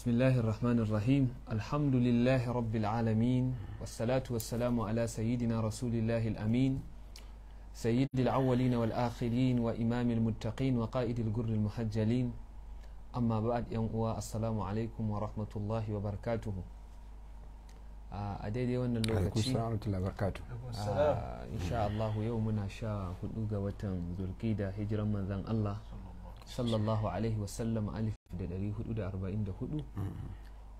بسم الله الرحمن الرحيم الحمد لله رب العالمين والصلاة والسلام على سيدنا رسول الله الأمين سيد الأولين والآخرين وإمام المتقين وقائد الجر المحجلين أما بعد ينقوى السلام عليكم ورحمة الله وبركاته a daidai wannan lokaci insha Allah yau muna sha hudu ga watan zulkida hijiran manzan Allah sallallahu alaihi wasallam alif da 444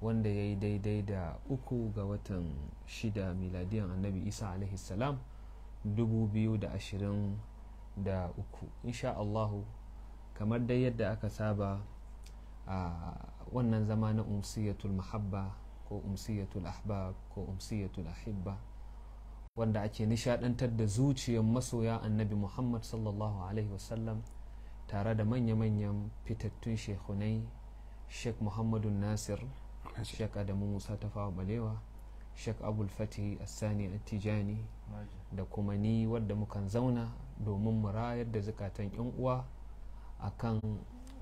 wanda ya yi daidai da uku ga watan shida miladiyan annabi isa dubu biyu alaihi salam 2023 insha allahu kamar dai yadda aka saba a wannan zama na umsiyatul mahabba ko umsiyatul ahbab ko umsiyatul ahibba wanda ake nishadantar da zuciyar masoya annabi muhammad sallallahu alaihi wasallam tare da manya-manyan fitattun shekhunai sheikh muhammadu nasir sheikh adamu musa tafawa balewa sheikh abul fatih assani attijani da kuma ni wadda mukan zauna domin mu rayar da zukatan yan uwa a kan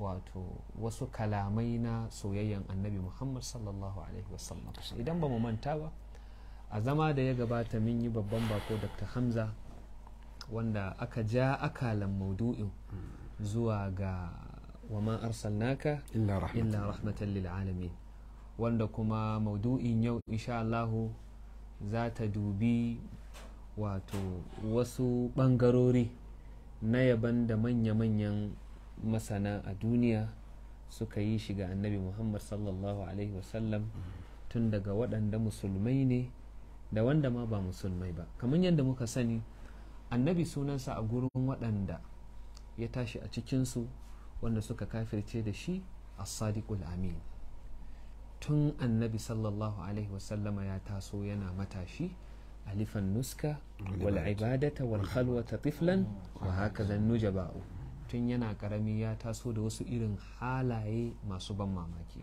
wato wasu kalamai na soyayyen annabi muhammad sallallahu alaihi wasallam idan ba mu manta ba a zama da ya gabata min yi babban bako dr hamza wanda aka ja akalan maudu'in hmm. zuwa ga wa wama arsalnaka illa rahmatan lil alamin wanda kuma maudu'in yau insha Allahu za ta dubi wato wasu bangarori na yaban da manya-manyan masana a duniya suka yi shiga annabi muhammad sallallahu alaihi wasallam tun daga waɗanda musulmai ne da wanda ma ba musulmai ba kamar yadda muka sani annabi sunansa a gurin waɗanda ya tashi a cikinsu wanda suka kafirce da shi a sadiqul amin tun annabi sallallahu alaihi wasallama ya taso yana matashi alifan nuska wal ibadata wal khalwata tiflan wa hakaza nujaba'u tun yana karami ya taso da wasu irin halaye masu ban mamaki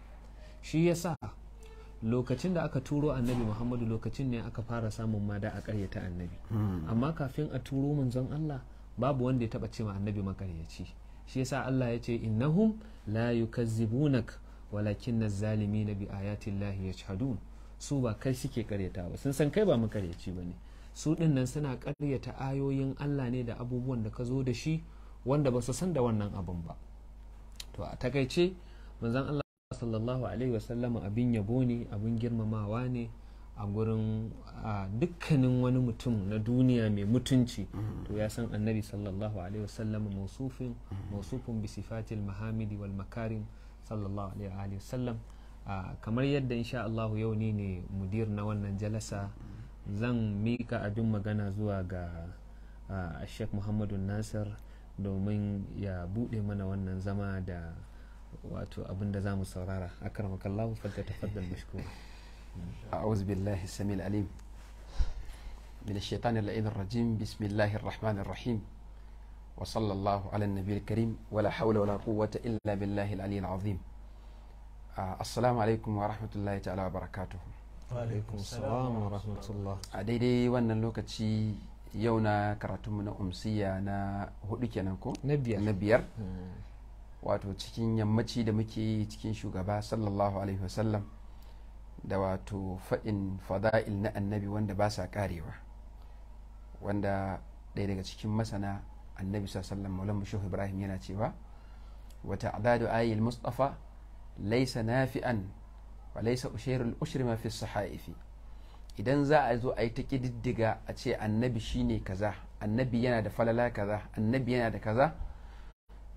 shi yasa lokacin da aka turo annabi muhammadu lokacin ne aka fara samun mada a karyata annabi hmm. amma kafin a turo manzon allah babu wanda ya taba cewa annabi makaryaci shi yasa Allah ya ce innahum la yukazzibunak walakin na bi ayatillahi yashhadun su ba kai suke karyata ba sun san kai ba makaryaci bane su din nan suna karyata ayoyin Allah ne da abubuwan da ka zo da shi wanda ba su san da wannan abun ba to a takaice manzon Allah sallallahu alaihi wasallam abin yabo ne abin girmamawa ne a gurin dukkanin wani mutum na duniya mai mutunci to ya san annabi sallallahu alaihi wasallam mausufin mausufin bi sifatil mahamidi wal makarim sallallahu alaihi wasallam kamar yadda insha Allah yau ne ne mudir na wannan jalasa zan mika abin magana zuwa ga Sheikh Muhammadu Nasir domin ya bude mana wannan zama da wato abin da za mu saurara akramakallahu fadda tafaddal mashkura أعوذ بالله السميع العليم من الشيطان اللعين الرجيم بسم الله الرحمن الرحيم وصلى الله على النبي الكريم ولا حول ولا قوة إلا بالله العلي العظيم السلام عليكم ورحمة الله تعالى وبركاته وعليكم السلام ورحمة الله أديدي وأن اللوكتشي يونا كراتمنا أمسية أنا هدوكي أنكم نبيار نبيار wato cikin yammaci da muke cikin shugaba sallallahu alaihi wasallam da wato faɗin fada'il na annabi wanda ba sa karewa wanda ɗaya daga cikin masana annabi sallam maulan shehu ibrahim yana cewa wata adadu ayil mustafa laisa nafi'an wa laisa ushairul ushri ma fi sahaifi idan za a zo a yi ta kididdiga a ce annabi shine kaza annabi yana da falala kaza annabi yana da kaza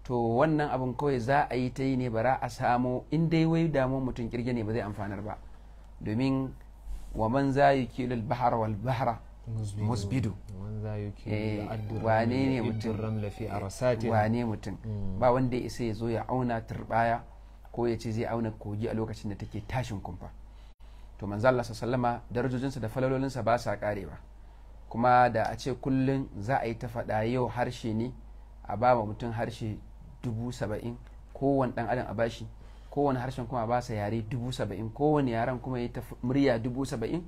to wannan abin kawai za a yi ta yi ne bara a samo in dai wai damuwar mutum kirge ne ba zai amfanar ba domin wa man za yi kilil bahar wal bahara musbidu eh, wane ne mutum eh, hmm. ba wanda ya isa ya zo ya auna turbaya ko ya ce zai auna kogi a lokacin da take tashin kumfa to manzo Allah sallama darajojinsa da falalolinsa ba sa karewa kuma da a ce kullum za a yi ta faɗa yau harshe ne a ba mutum harshe dubu saba'in kowane ɗan adam a bashi kowane harshen kuma ba sa yare dubu saba'in kowane yaren kuma ya tafi murya dubu saba'in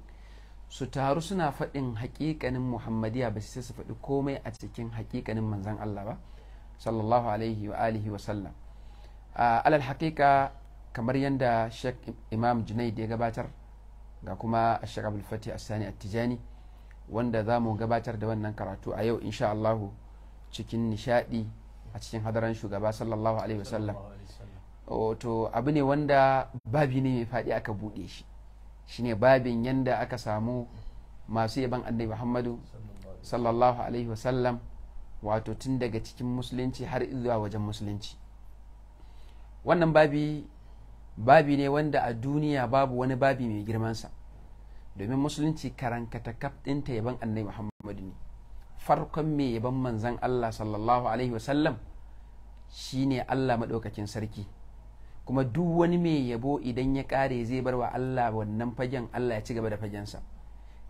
su taru suna faɗin haƙiƙanin muhammadiya ba sai su faɗi komai a cikin haƙiƙanin manzan Allah ba sallallahu alaihi wa alihi wa sallam alal haƙiƙa kamar yadda shek imam junaid ya gabatar ga kuma a shek abul fatih asani attijani wanda za mu gabatar da wannan karatu a yau insha Allahu cikin nishaɗi a cikin hadaran shugaba sallallahu alaihi wa sallam wato abu ne wanda babi ne mai faɗi aka buɗe shi shi ne babin yanda aka samu masu yaban annabi muhammadu sallallahu alaihi wasallam wato tun daga cikin musulunci har zuwa wajen musulunci wannan babi babi ne wanda a duniya babu wani babi mai girmansa domin musulunci karankata kaf ɗinta yaban annabi muhammadu ne farkon mai yaban manzan allah sallallahu alaihi wasallam shine allah maɗaukakin sarki kuma duk wani mai yabo idan ya kare zai bar wa Allah wannan fagen Allah ya ci gaba da fagensa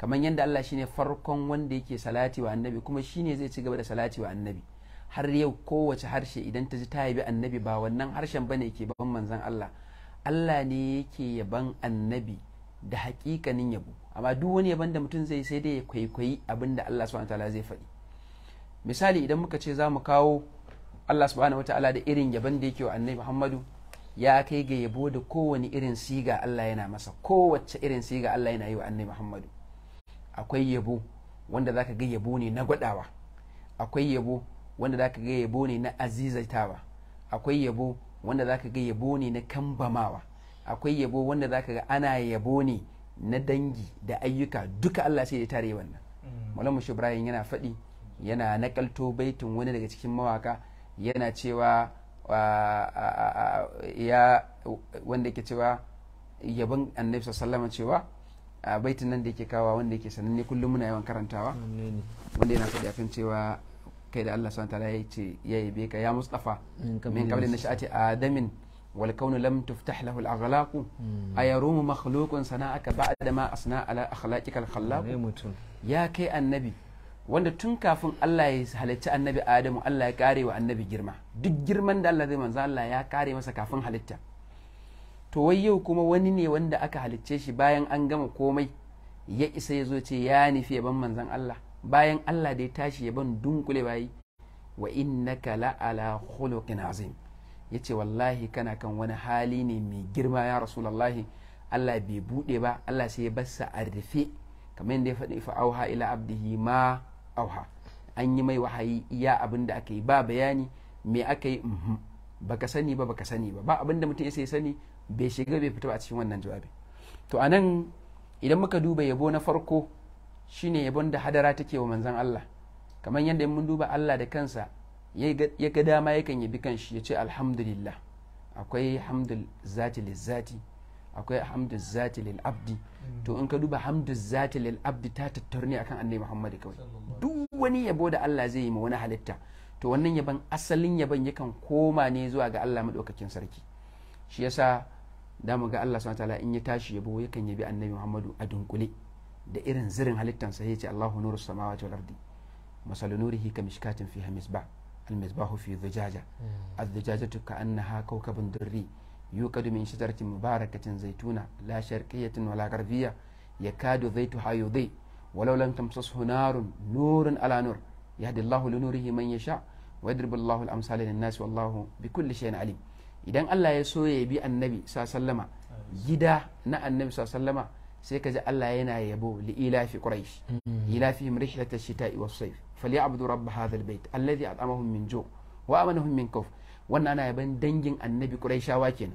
kamar yadda Allah shine farkon wanda yake salati wa annabi kuma shine zai ci gaba da salati wa annabi har yau kowace harshe idan ta ji ta yabi annabi ba wannan harshen bane ke ban manzon Allah Allah ne yake yaban annabi da hakikanin yabo amma duk wani yaban da mutum zai sai dai ya kwaikwayi abin da Allah subhanahu wataala zai faɗi misali idan muka ce za mu kawo Allah subhanahu wataala da irin yaban da yake wa annabi Muhammadu ya kai ga yabo da kowane irin siga Allah yana masa kowace irin siga Allah yana yi wa annabi Muhammadu akwai yabo wanda zaka ga yabo ne na gwadawa akwai yabo wanda zaka ga yabo ne na azizatawa akwai yabo wanda zaka ga yabo ne na kambamawa akwai yabo wanda zaka ga ana yabo ne na dangi da ayyuka duka Allah sai ya tare wannan mm. Malam Ibrahim yana faɗi yana nakalto baitin wani daga cikin mawaka yana cewa ya wanda yake cewa yabon annabi sallama cewa a baitin nan da yake kawa wanda yake sananne kullum muna yawan karantawa wanda yana faɗi akan cewa kai da Allah subhanahu ya ce ya yabe ka ya mustafa min qabli nashati adamin wal kaunu lam tuftah lahu al aghlaq hmm. ayarum makhluqun sana'aka ba'da ma asna ala akhlaqika al khallaq ya kai annabi wanda tun kafin Allah ya halicci annabi Adamu Allah ya kare wa annabi girma duk girman da Allah zai manzo Allah ya kare masa kafin halitta to wai yau kuma wani ne wanda aka halicce shi bayan an gama komai ya isa ya zo ce ya nufi yaban manzon Allah bayan Allah da ya tashi yaban dunkule bayi wa innaka la'ala khuluqin azim yace wallahi kana kan wani hali ne mai girma ya rasulullahi Allah bai bude ba Allah sai ya bassa a rufe kamar yadda ya faɗi fa auha ila abdihi ma auha an yi mai wahayi ya abin da aka yi ba bayani me aka yi baka sani ba baka sani ba ba abin da mutum ya sai sani bai shiga bai fita ba a cikin wannan jawabi to anan, idan muka duba yabo na farko shine yabon da hadara take wa manzon Allah kamar yadda mun duba Allah da kansa ya ga dama yakan yabi kanshi ya ce alhamdulillah akwai hamdul zati lizzati akwai hamdul zati lil abdi to in ka duba hamdul zati lil abdi ta tattaru ne akan annabi muhammad kawai duk wani yabo da Allah zai yi ma wani halitta to wannan yaban asalin yaban yakan koma ne zuwa ga Allah madaukakin sarki shi yasa da mu ga Allah subhanahu wataala in ya tashi yabo yakan yabi annabi muhammadu a dunkule da irin zirin halittan ya ce Allahu nuru samawati wal ardi masalu nurihi ka mishkatin fiha misbah المصباح al زجاجة hmm. ka annaha kawkabun durri يوكد من شجرة مباركة زيتونة لا شرقية ولا غربية يكاد زيتها يضيء ولو لم تمسسه نار نور على نور يهدي الله لنوره من يشاء ويضرب الله الأمثال للناس والله بكل شيء عليم إذا الله يسوي بي النبي صلى الله عليه وسلم جدا نا النبي صلى الله عليه وسلم سيكز الله ينا يبو في قريش إلى إلافهم رحلة الشتاء والصيف فليعبدوا رب هذا البيت الذي أطعمهم من جوع وأمنهم من كفر wannan ana yaban dangin annabi quraishawa kenan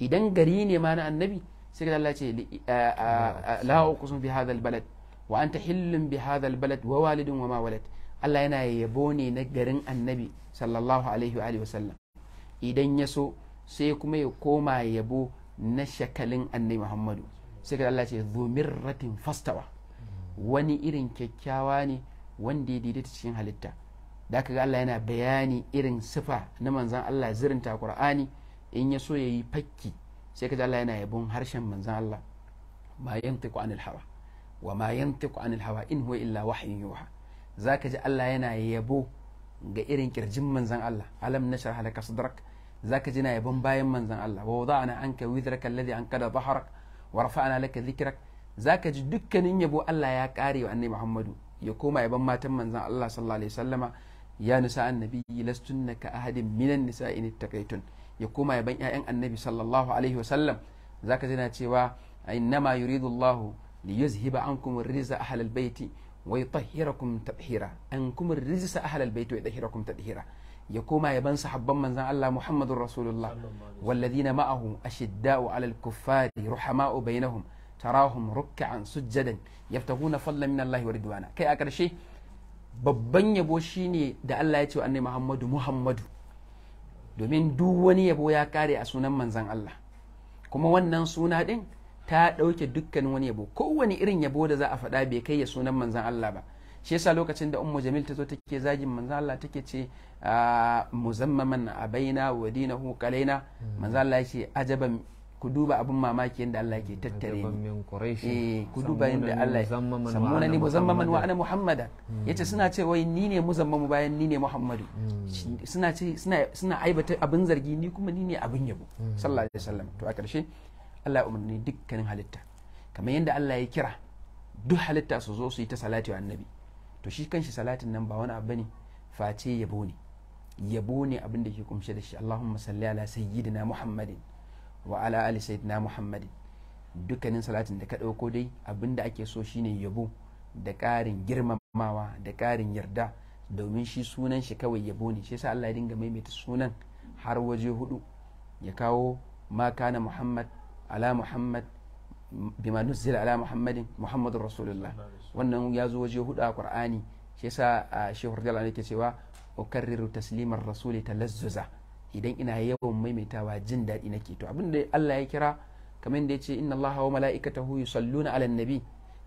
idan gari ne ma na annabi sai ka lalace eh, eh, eh, la bi hada albalad wa anta hillun bi hada albalad wa walidun wa ma Allah yana yabo ne na garin annabi sallallahu alaihi wa alihi wasallam idan ya so sai kuma ya koma yabo na shakalin annabi Muhammadu sai ka lalace zumirratin fastawa hmm. wani irin kyakkyawa ne wanda ya daidaita cikin halitta da aka ga Allah yana bayani irin sifa na manzan Allah zirinta Qur'ani in ya so yayi fakki sai ka Allah yana yabon harshen manzan Allah ma yantiqu anil hawa wa ma yantiqu anil hawa in huwa illa wahyun yuha zaka ji Allah yana yabo ga irin kirjin manzan Allah alam nashrah laka sadrak zaka ji na yabon bayan manzan Allah wa wada'na anka wizraka alladhi ankada dhahrak wa rafa'na laka dhikrak zaka ji dukkanin yabo Allah ya kare wa annabi Muhammadu ya koma yaban matan manzan Allah sallallahu alaihi wasallama ya nisa annabi lastunna ka ahadin minan nisa in takaitun ya koma yaban ƴaƴan annabi sallallahu alaihi wa sallam zaka ji cewa innama yuridu Allahu li yuzhiba ankum ar-rijza ahlal baiti wa yutahhirakum tathira ankum ar-rijza ahlal baiti wa yutahhirakum tathira ya koma yaban sahabban manzan Allah Muhammadur Rasulullah walladhina ma'ahu ashidda'u 'alal kuffari ruhama'u bainahum tarahum ruk'an sujjadan yaftahuna fadlan min Allah wa ridwana kai a karshe babban yabo shine da Allah ya ce wa annai Muhammadu Muhammadu domin duk wani yabo ya kare a sunan manzan Allah kuma wannan suna din ta ɗauke dukkan wani yabo kowane irin yabo da za a faɗa bai kai ya sunan manzan Allah ba shi yasa lokacin da ummu jamil ta zo take zagin manzan Allah take ce ah, muzammaman abaina wa dinahu kalaina hmm. manzan Allah ya ce ajaban ku duba abin mamaki yadda Allah ke tattare ni eh, ku duba yadda Allah sammuna ni muzammaman wa ana muhammada hmm. yace suna ce wai ni ne muzammamu bayan ni ne muhammadu hmm. suna ce suna suna aibata abin zargi ni kuma ni ne abin yabo hmm. sallallahu alaihi wasallam to a karshe Allah ya umarni dukkanin halitta kamar yadda Allah ya kira duk halitta su zo su yi ta salati wa annabi to shi kanshi salatin nan ba wani abu bane face yabo ne yabo ne abin da ke kumshe da shi Allahumma salli ala sayyidina muhammadin wa ala ali sayyidina Muhammad dukkanin salatin da ka ɗauko dai abinda ake so shine yabo da ƙarin girmamawa da ƙarin yarda domin shi sunan shi kawai yabo ne shi yasa Allah ya dinga maimaita sunan har waje hudu ya kawo ma kana muhammad ala muhammad bima nuzila ala muhammadin muhammadur rasulullah wannan ya zo waje hudu a qur'ani shi yasa shehu radiyallahu yake cewa ukarriru taslimar rasuli talazzuza idan ina yawan maimaitawa jin daɗi nake to abin da Allah ya kira kamar da ya ce inna Allah wa mala'ikatahu yusalluna ala nabi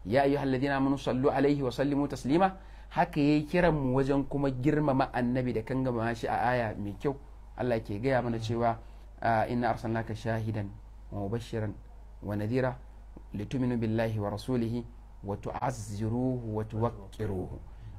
ya ayyuhal ladina amanu sallu alaihi wa sallimu taslima haka yayi kiran mu wajen kuma girmama annabi da kan ma shi a aya mai kyau Allah ke gaya mana cewa inna arsalnaka shahidan wa mubashiran wa nadira lituminu billahi wa rasulihi wa tu'azziruhu wa tuwaqqiruhu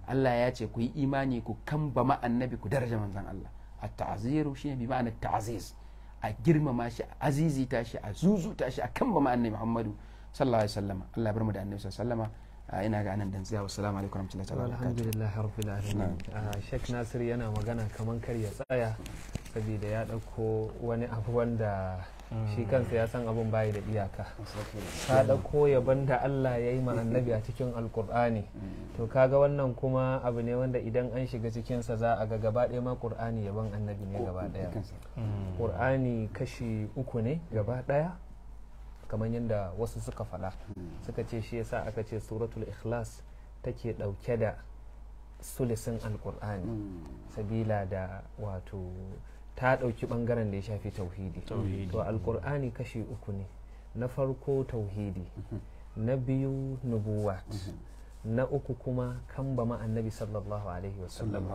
Allah ya ce ku yi imani ku kambama annabi ku daraja manzon Allah a ta'ziru shine bi ma'ana ta'ziz a girmama shi a azizita shi a zuzuta shi a kambama annabi Muhammadu sallallahu alaihi wasallam Allah bar mu da annabi sallallahu alaihi ina ga anan dan tsaya wassalamu alaikum warahmatullahi ta'ala alhamdulillah rabbil alamin Sheikh Nasir yana magana kamar kar ya tsaya saboda ya dauko wani abu wanda shi kansa ya san abun bayi da iyaka ka ɗauko yaban da Allah ya yi ma annabi a cikin alkur'ani to kaga wannan kuma abu ne wanda idan an shiga cikinsa za a ga gaba ɗaya ma ya yaban annabi ne gaba ɗaya ƙur'ani kashi uku ne gaba ɗaya kamar yadda wasu suka faɗa suka ce shi yasa aka ce suratul ikhlas take ɗauke da sulisin alkur'ani hmm. sabila da wato ta ɗauki ɓangaren da ya shafi tauhidi to alkur'ani kashi uku ne na farko tauhidi mhm. na biyu nubuwat mhm. na uku kuma kan ba sallallahu alaihi wasallam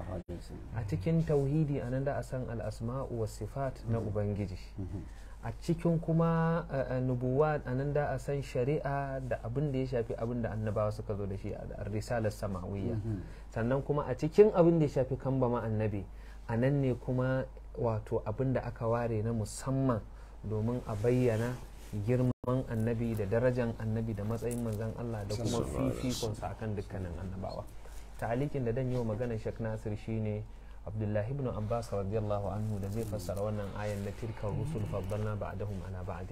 a cikin tauhidi a nan da a san al'asma'u wa sifat na mhm. ubangiji a cikin kuma nubuwa a nan da a san shari'a da abin da ya shafi abin da annabawa suka zo da shi a risalar samawiyya sannan kuma a cikin abin da ya shafi kan ba annabi a nan ne kuma wato abin da aka ware na musamman domin a bayyana girman annabi da darajan annabi da matsayin manzan Allah da kuma fifikonsa akan dukkanin annabawa ta'alikin da dan wa magana Sheikh Nasir shine عبد الله بن عباس رضي الله عنه الذي فسر وان آية لتلك الرسل فضلنا بعدهم على بعض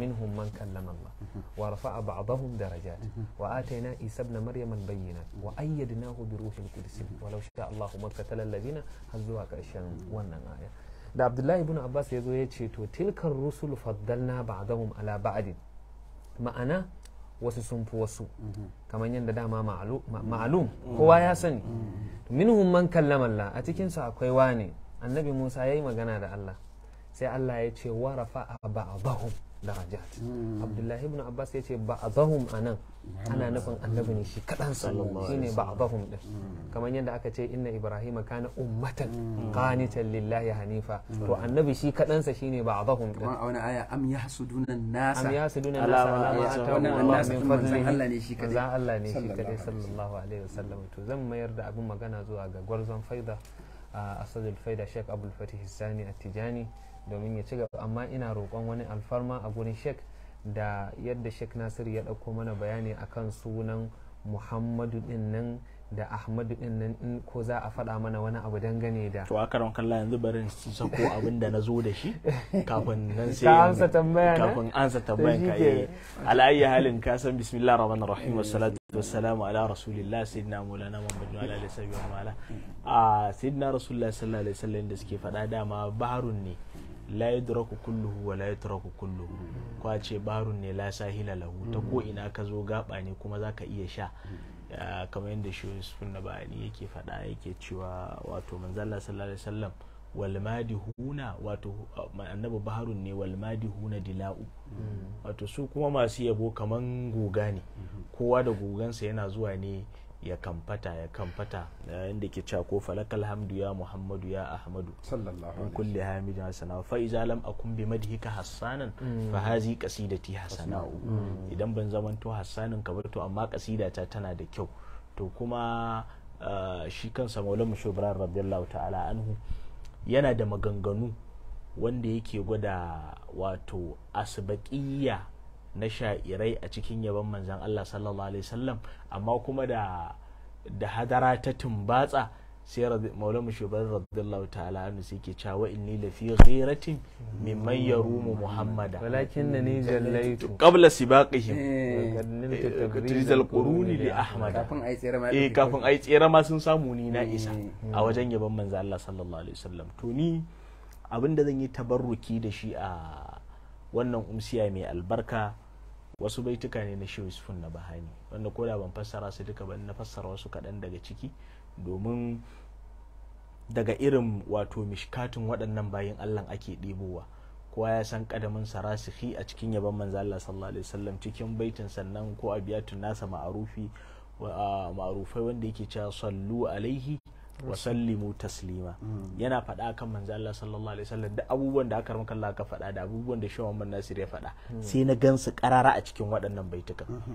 منهم من كلم الله ورفع بعضهم درجات وآتينا عيسى ابن مريم البينات وأيدناه بروح القدس ولو شاء الله ما قتل الذين هزوا كأشياء وان آية da Abdullahi ibn Abbas yazo hmm. yace to tilkar rusul faddalna ba'dahum ala ba'd ma'ana wasu sun fi wasu mhm. kamar yadda dama mhm. ma'alum mhm. kowa ya sani minhum man kallama Allah a cikin su akwai wane annabi Musa yayi magana da Allah sai Allah ya ce warafa ba'dahum darajat hmm. abdullahi ibn abbas ya ce ba'dhum anan ana nufin annabi ne shi kadan sallallahu shine ba'dhum din hmm. kamar yadda aka ce inna ibrahima kana ummatan hmm. qanitan lillahi hanifa to annabi shi kadan sa shine ba'dhum din kuma a wani aya am yahsuduna an-nas am yahsuduna an-nas ala ma atahum min fadlihi Allah ne shi kadai Allah ne shi kadai sallallahu alaihi wasallam to zan mayar da abin magana zuwa ga gwarzon faida a asadul faida sheikh abul fatih sani at-tijani domin ya ci gaba amma ina roƙon wani alfarma a gurin shek da yadda shek nasir ya ɗauko mana bayani akan sunan muhammadu din nan da ahmadu din nan in ko za a faɗa mana wani abu dangane da to a karon kalla yanzu barin su sako abin da na zo da shi kafin nan sai ka ansa tambaya kafin ansa tambayan ka yi eh. alayyi halin ka san bismillah rahman rahim wa salamu ala rasulillah sayyidina mulana muhammadu ala alihi wa sallam a ah, sayyidina rasulullah sallallahu alaihi wasallam da suke faɗa dama barun ne la yudraku kulluhu wa la kulluhu ko a ce barun ne la sahila lahu ta mm. ko ina ka zo gaba ne kuma zaka iya sha mm. kamar yadda shi sunna ba'ali yake faɗa yake cewa wato manzala sallallahu alaihi wasallam walmadihuna wato annabi baharun ne walmadihuna dila'u mm. wato su kuma masu yabo kaman goga ne mm-hmm. kowa da gogansa yana zuwa ne ya kamfata ya kamfata yayin da ke cewa ko falakal hamdu ya muhammadu ya ahmadu sallallahu alaihi kulli hamidin hasana fa iza lam akun bi madhika hasanan fa mm. hazi qasidati hasana mm. idan ban zamanto hasanin kamar to amma qasidata tana da kyau to kuma ah, shi kansa maula mushubran radiyallahu ta'ala anhu yana da maganganu wanda yake gwada wato asbaqiyya na sha'irai a cikin yaban manzan Allah sallallahu alaihi wasallam amma kuma da da hadara ta tumbatsa sai maulama shugaban radiyallahu ta'ala anhu sai ke cewa inni la fi ghiratin mimman yarumu muhammada walakin na ni jallaitu qabla sibaqihim eh, eh, tijal quruni li ahmad kafin ai tsere ma eh kafin ai tsere ma sun samu ni na isa eh, a wajen yaban manzan Allah sallallahu alaihi wasallam to ni abinda zan yi tabarruki da shi a wannan umsiya mai albarka wasu baituka ne na shehu fun na bahani wanda ko da ban fassara su duka ban na fassara wasu kaɗan daga ciki domin daga irin wato mishkatun waɗannan bayan allah ake ɗebowa kowa ya san ƙadamin sarasihi a cikin yaban manzo Allah sallallahu alaihi wasallam cikin baitin sannan ko abiyatun nasa ma'arufi ma'arufai wanda yake cewa sallu alaihi wasallimu taslima mm. yana faɗa kan manzo Allah sallallahu alaihi wasallam da abubuwan da aka ramka Allah ka faɗa da abubuwan da shawan man Nasir ya faɗa mm. sai na gansu karara a cikin waɗannan baitukan mm-hmm.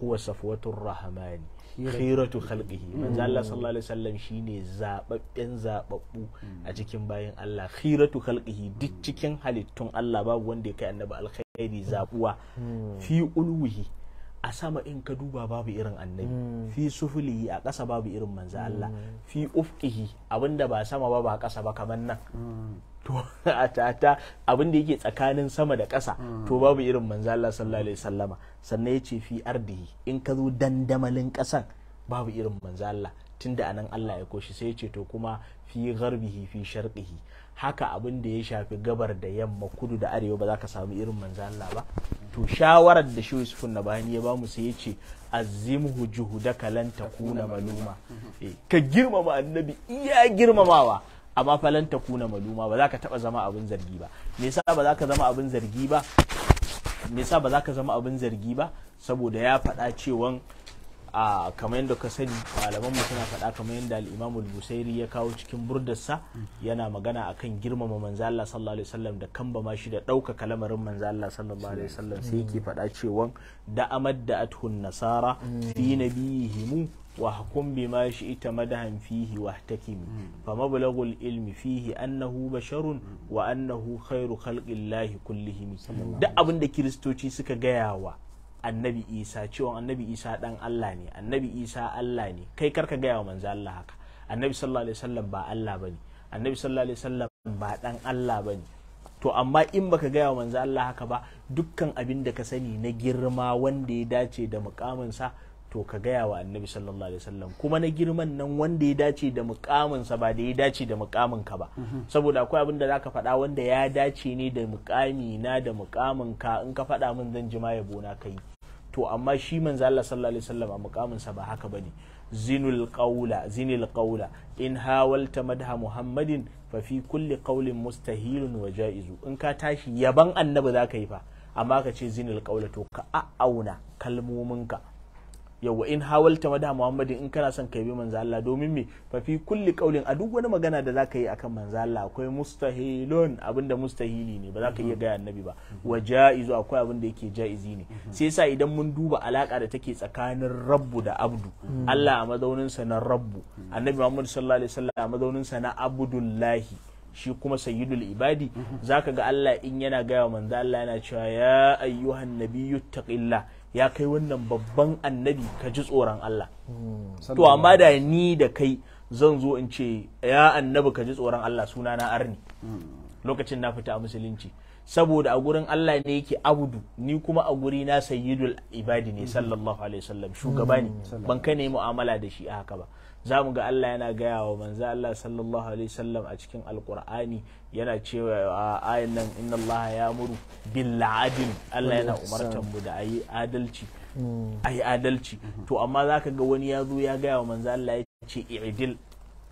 huwa safwatur rahman khiratu khalqihi mm. manzo Allah sallallahu alaihi wasallam shine zababben zababbu a cikin bayin Allah khiratu khalqihi duk cikin halittun Allah babu wanda ya kai annabi alkhairi zabuwa fi ulwihi a sama in ka duba babu irin annabi hmm. fi sufulihi a ƙasa babu irin manzo Allah hmm. fi ufqihi abinda ba sama ba ba ƙasa ba kamar nan hmm. to a tata abinda yake tsakanin sama da ƙasa to babu irin manzo Allah sallallahu alaihi wasallama sannan yace fi ardihi in ka zo dandamalin ƙasan babu irin manzo Allah tunda anan Allah ya koshi sai ya to kuma fi gharbihi fi sharqihi haka abin da ya shafi gabar da yamma kudu da arewa ba za ka samu irin manzo Allah ba to shawarar da shi Yusuf bayani ya ba mu sai ya ce azimhu juhudaka lan takuna maluma eh, ka girmama annabi iya girmamawa amma fa lan takuna maluma ba za ka taba zama abin zargi ba me yasa ba za ka zama abin zargi ba me yasa ba za ka zama abin zargi ba saboda ya faɗa cewa. a kamar yadda ka sani malaman mu suna faɗa kamar yadda al-Imam al-Busairi ya kawo cikin burdarsa yana magana akan girmama manzo Allah sallallahu alaihi wasallam da kamba ma shi da ɗauka kalamarin manzo Allah sallallahu alaihi wasallam sai yake faɗa cewa da amad da athun nasara fi nabihim wa hukum bima ita madahan fihi wa ihtakim fa mablagul ilmi fihi annahu basharun wa annahu khairu khalqillahi kullihim da abin da kiristoci suka gayawa annabi isa cewa annabi isa dan allah ne annabi isa allah ne kai karka gaya wa manzo allah haka annabi sallallahu alaihi wasallam ba allah bane annabi sallallahu alaihi wasallam ba dan allah bane to amma in baka gaya wa manzo allah haka ba dukkan abin da ka sani na girma wanda ya dace da mukaminsa to ka gaya wa annabi sallallahu alaihi wasallam kuma na girman nan wanda ya dace da mukaminsa ba da ya dace da mukamin ka ba mhm. saboda akwai abin da zaka faɗa wanda ya dace ne da mukami na da mukamin ka in ka faɗa min zan ji ma yabo na kai to amma shi manzo Allah sallallahu alaihi wasallam a mukamin sa ba haka bane zinul qaula zinil qaula in hawalta madha muhammadin fa fi kulli qaulin mustahilun wa jaizu in ka tashi yaban annabi zaka yi fa amma ka ce zinul qaula to ka a'auna ka. yawa in hawalta mada muhammadin in kana son ka bi manzo Allah domin me fa fi kulli qaulin a duk wani magana da zaka yi akan manzo Allah akwai mustahilun abinda mustahili ne ba zaka ka iya mhm. ga annabi ba wa jaizu akwai abinda yake jaizi ne mhm. sai yasa idan mun duba alaka da take tsakanin rabbu da abdu mhm. Allah a mazaunin sa na rabbu annabi muhammad sallallahu alaihi wasallam a mazaunin sa na abdullahi shi kuma sayyidul ibadi zaka ga Allah in yana gaya wa manzo Allah yana cewa ya ayyuhan nabiyyu taqillah ya kai wannan babban annabi ka ji tsoron Allah hmm, to amma da ni da kai zan zo in ce ya annabi ka ji tsoron Allah suna na arni hmm. lokacin na fita a musulunci saboda a gurin Allah ne yake abudu ni kuma a guri na sayyidul ibadi ne hmm. sallallahu alaihi wasallam shugaba ne ban kai ne mu'amala da shi a haka ba za mu ga Allah yana gaya wa manzo Allah sallallahu alaihi wasallam a cikin alkur'ani yana cewa a ayin nan inna Allah ya muru bil adil Allah yana umartan mu da ayi adalci hmm. ayi adalci to amma zaka ga wani ya zo ya gaya wa manzo Allah ya ce i'dil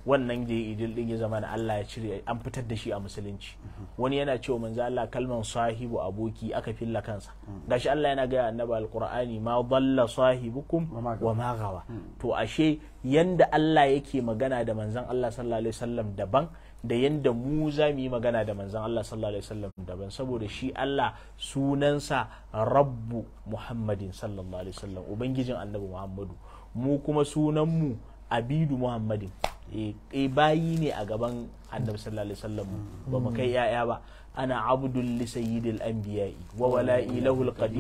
wannan idil din ya zama na Allah ya cire an fitar da shi a musulunci wani yana cewa manzo Allah kalman sahibu aboki aka filla kansa gashi Allah yana ga annabi alqur'ani ma dalla sahibukum wa ma gawa hmm. to ashe yanda Allah yake magana da manzon Allah sallallahu alaihi wasallam daban da yanda mu za mu yi magana da manzon Allah sallallahu alaihi wasallam daban saboda shi Allah sunansa rabbu Muhammadin sallallahu alaihi wasallam ubangijin annabi Muhammadu mu kuma sunan mu abidu Muhammadin e bayi ne a gaban annabi sallallahu alaihi wasallam ba mu kai yaya ba ana abdul li sayyidil anbiya'i wa wala'i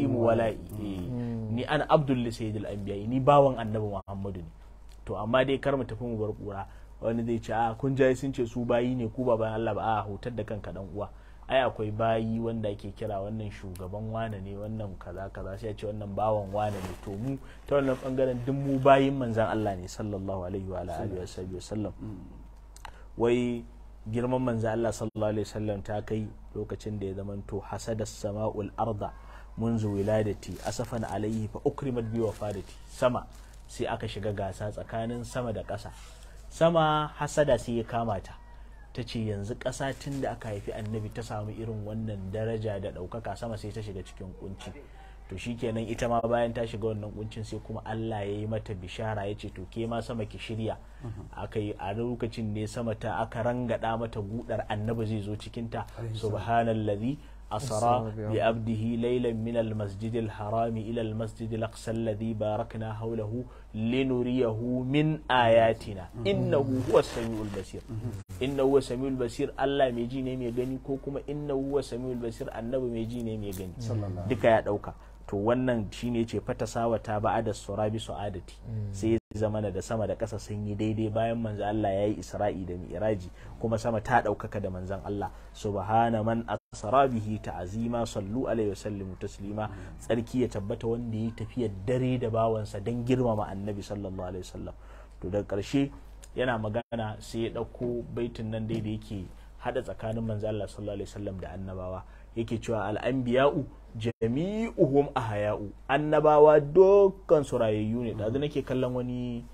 wala'i eh, ni ana abdul li sayyidil anbiya'i ni bawan annabi muhammadu ne to amma dai kar mu tafi mu bar kura wani zai ce a ah, kun jayi sun ce su bayi ne ku ba bayan Allah ba a ah, hutar da kanka dan uwa ai akwai bayi wanda ake kira wannan shugaban wane ne wannan kaza kaza sai ce wannan bawan wane ne to mu ta wannan bangaren duk mu bayin manzan Allah ne sallallahu alaihi wa alihi wa sallam wai girman manzan Allah sallallahu alaihi wasallam ta kai lokacin da ya zamanto hasadas sama'ul arda منذ ولادتي أسفا عليه فأكرمت بوفادتي sama sai aka shiga gasa tsakanin sama da ƙasa sama hasada sai ya kamata ta ce yanzu ƙasa tun da aka haifi annabi ta samu irin wannan daraja da ɗaukaka sama sai ta shiga cikin kunci to shikenan ita ma bayan ta shiga wannan kuncin sai kuma Allah ya yi mata bishara ya ce to ke ma sama ki shirya mhm. akai a lokacin ne sama ta aka rangada mata gudar annabi zai zo cikin ta subhanallazi asara bi abdihi laylan min almasjid alharami ila almasjid alaqsa alladhi barakna hawlahu linuriyahu min ayatina mhm. innahu huwas samiul basir mhm. inna huwa samiul basir Allah mai ji ne mai gani ko kuma inna huwa samiul basir annabi mai ji ne mai gani duka ya dauka to wannan shine ce fatasawa ta ba ba'ada surabi su'adati mm. sai ya zama da sama da ƙasa sun yi daidai bayan manzo Allah ya yi isra'i da mi'raji kuma sama ta ɗaukaka da manzon Allah subhana man asra bihi ta'zima sallu alaihi wa sallimu taslima tsarki ya tabbata wanda ya tafiya dare da bawansa dan girmama annabi sallallahu alaihi wasallam to daga karshe. yana magana sai ya ɗauko baitin nan dai da yake hada tsakanin manzo Allah sallallahu alaihi wasallam da annabawa yake cewa al-anbiya'u jami'uhum ahaya'u annabawa dukkan su rayayyu ne da nake kallon wani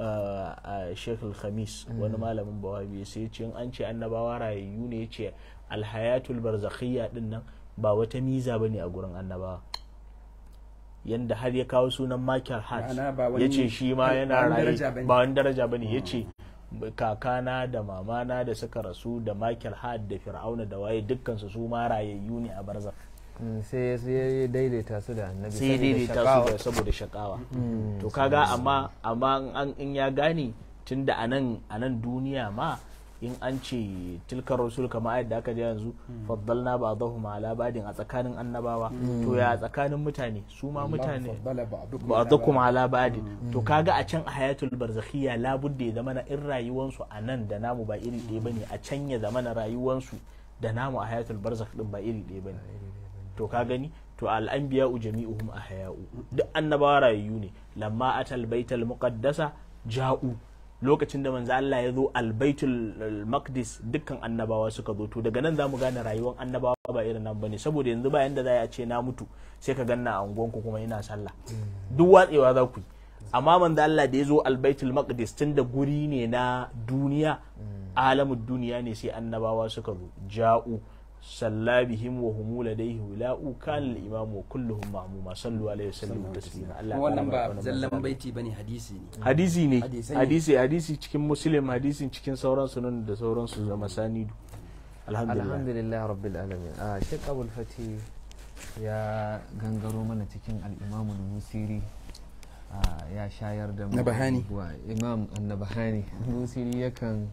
uh, uh, Sheikh khamis mm. wani malamin Bawabi sai ce an ce annabawa rayayyu ne yace al-hayatul barzakhiyya din ba wata miza bane a gurin annabawa yanda har ya kawo sunan Michael Hart ya ce shi ma yana raye ba wani daraja bane ah. ya ce kakana da mamana da suka rasu da Michael Hart da Fir'auna da waye dukkansu su ma rayayyu ne a barza mm, sai ya daidaita su da annabi sai da saboda shakawa mm. to kaga amma amma in ya gane tunda anan anan duniya ma in an ce tilkar rasul kama ayat da aka ji yanzu hmm. faddalna ba'dahum ma ba'din a tsakanin annabawa hmm. to ya tsakanin mutane su ma mutane ba'dakum ala ba'din hmm. to kaga a can a hayatul barzakhiyya labudda ya zamana in rayuwansu a nan da namu ba iri ɗaya bane a can ya zamana rayuwansu da namu a hayatul barzakh din ba iri ɗaya bane to ka gani to al'anbiya jami'uhum a haya'u duk annabawa rayu ne lamma atal baital muqaddasa ja'u lokacin da manzo Allah ya zo albaitul maqdis dukkan annabawa suka zo to daga nan zamu gane rayuwar annabawa ba irin nan bane saboda yanzu ba yanda za a ce na mutu sai ka ganna a unguwanku kuma ina sallah duk watsewa za ku yi amma manzo Allah da ya zo albaitul maqdis tun da guri ne na duniya hmm. alamun duniya ne sai annabawa suka zo ja'u salla bihim wa hum ladayhi ula'u kan al-imamu kulluhum ma'muma sallu alaihi wasallam taslima Allah wannan ba zallan baiti bane hadisi ne hadisi ne hadisi hadisi cikin muslim hadisin cikin sauran sunan da sauran su zama sanidu alhamdulillah alhamdulillah rabbil alamin a ah, shek abul fati ya gangaro mana cikin al-imamu musiri ah, ya shayar da mu na bahani imam an bahani musiri yakan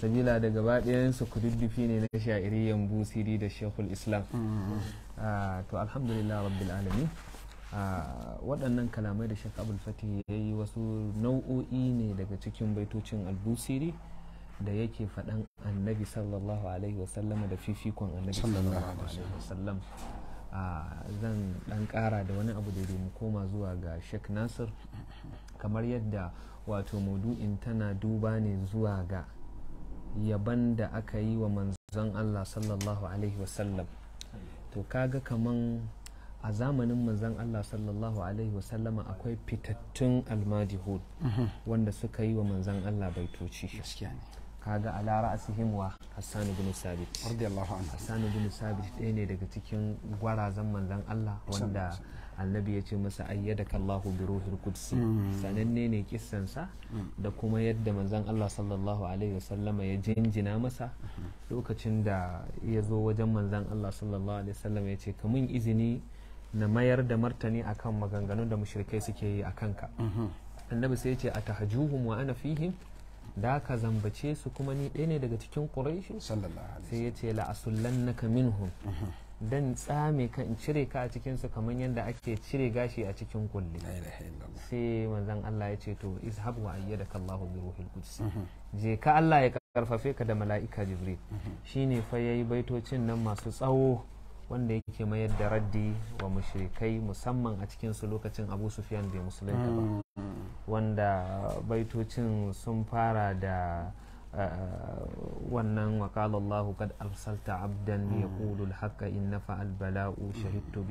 sabila da gaba ɗayansu kududdufi ne na sha'iriyan busiri da shekul islam mm-hmm. ah, to alhamdulillah rabbil alamin ah, waɗannan kalamai da shek abul fatih ya yi wasu nau'o'i ne daga cikin baitocin albusiri da yake faɗan annabi sallallahu alaihi wasallama da fifikon annabi sallallahu alaihi ah, zan ɗan ƙara da wani abu da mu koma zuwa ga shek nasir kamar yadda wato maudu'in tana duba ne zuwa ga yaban da aka yi wa manzon Allah sallallahu alaihi wasallam to kaga kaman a zamanin manzon Allah sallallahu alaihi wasallama akwai fitattun almajihud wanda suka yi wa manzon Allah baitoci kaga ala ra'asihim wa Hassan ibn Sabit radiyallahu anhu Hassan ibn Sabit ɗaya ne daga cikin gwarazan manzon Allah wanda annabi ya ce masa ayyadaka Allahu bi ruhil qudsi sananne ne kissansa da kuma yadda manzon Allah sallallahu alaihi wasallama ya jinjina masa lokacin da ya zo wajen manzon Allah sallallahu alaihi wasallama ya ce ka mun izini na mayar da martani akan maganganun da mushrikai suke yi a kanka annabi sai ya ce atahajuhum wa ana fihim da ka zambace su kuma ni ɗaya ne daga cikin quraishi sai ya ce la asullannaka minhum dan tsame ka in cire ka a cikinsu kamar yadda ake cire gashi a cikin kulle. sai manzon Allah ya ce to izhab wa ayyadaka Allahu bi ruhil quds mhm. je ka Allah ya karfafe ka da mala'ika jibril mhm. shine fa yayi baitocin nan masu tsawo wanda yake mayar da raddi wa mushrikai musamman a cikin su lokacin abu Sufyan bai musulunta ba mm. wanda baitocin sun fara da wannan wa qala Allahu kad arsalta abdan yaqulu al-haqqa in nafa al-bala'u shahidtu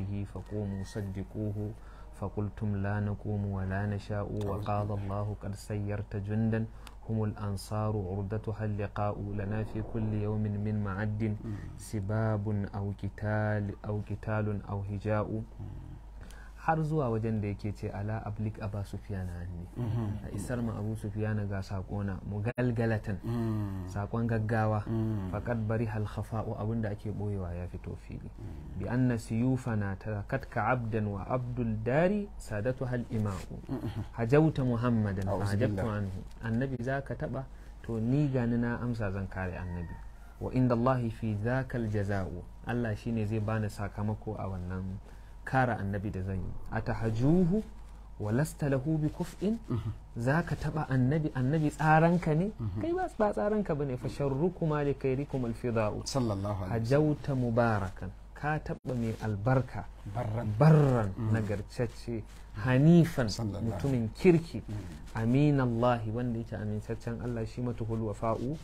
فقلتم لا نقوم ولا نشاء وقال الله قد سيرت جندا هم الأنصار عردتها اللقاء لنا في كل يوم من معد سباب أو كتال أو كتال أو هجاء har zuwa wajen da yake ce ala ablik aba sufiyana hanni mhm. a isar ma abu sufiyana ga sakona galgalatan. Mhm. sakon gaggawa mhm. faqad bari hal khafa'u abinda ake boyewa ya fito fili bi anna siyufana ka abdan wa abdul dari sadatu hal ima'u hajauta muhammadan hajabtu anhu annabi zaka taba to ni gani na amsa zan kare annabi wa inda allahi fi zakal jaza'u allah shine zai bani sakamako a wannan Kara annabi da zan yi a tahajuhu walasta lahu bi kuf'in mhm. za ka taɓa annabi annabi tsaranka ne mhm. kai ba tsaranka ba ne fa sharrukuma li kairikum alfida'u hajauta mubarakan ka taɓa mai albarka barran mhm. nagarcacce hanifan mutumin kirki aminallahi wanda yake amintaccen Allah shi matuhul wafa'u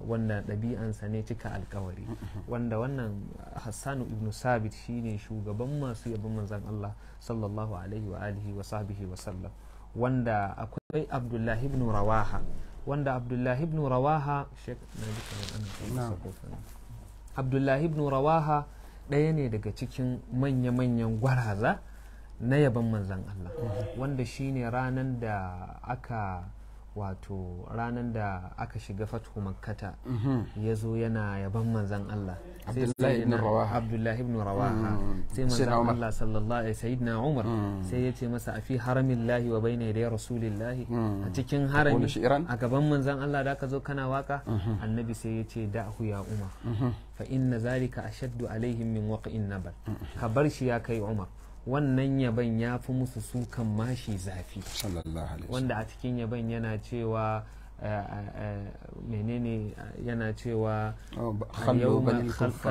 Wannan ɗabi'ansa ne cika alkawari mm-hmm. wanda wannan hassanu ibnu sabit shine shugaban masu yabon manzan Allah sallallahu alaihi wa alihi wa sahbihi wa sallam wanda akwai abdullahi ibn rawaha wanda abdullahi ibn rawaha abdullahi ibn rawaha ɗaya ne daga cikin manya-manyan gwaraza na yabon manzan Allah mm-hmm. wanda shine ranar da aka wato ranar da aka shiga fathu makkata mhm. ya zo yana yaban manzan Allah abdullahi ibn rawaha mhm. sai manzan Allah sallallahu alaihi sayyidina umar mhm. sai ya ce masa a fi haramin lahi wa bayna da rasulillahi a cikin harami a gaban manzan Allah da ka zo kana waka annabi sai ya ce da'hu ya umar fa inna zalika ashaddu alaihim min na nabal ka bar shi ya kai umar wannan yaban ya fi musu sukan mashi zafi wanda a cikin yaban yana cewa eh, eh, eh, menene yana cewa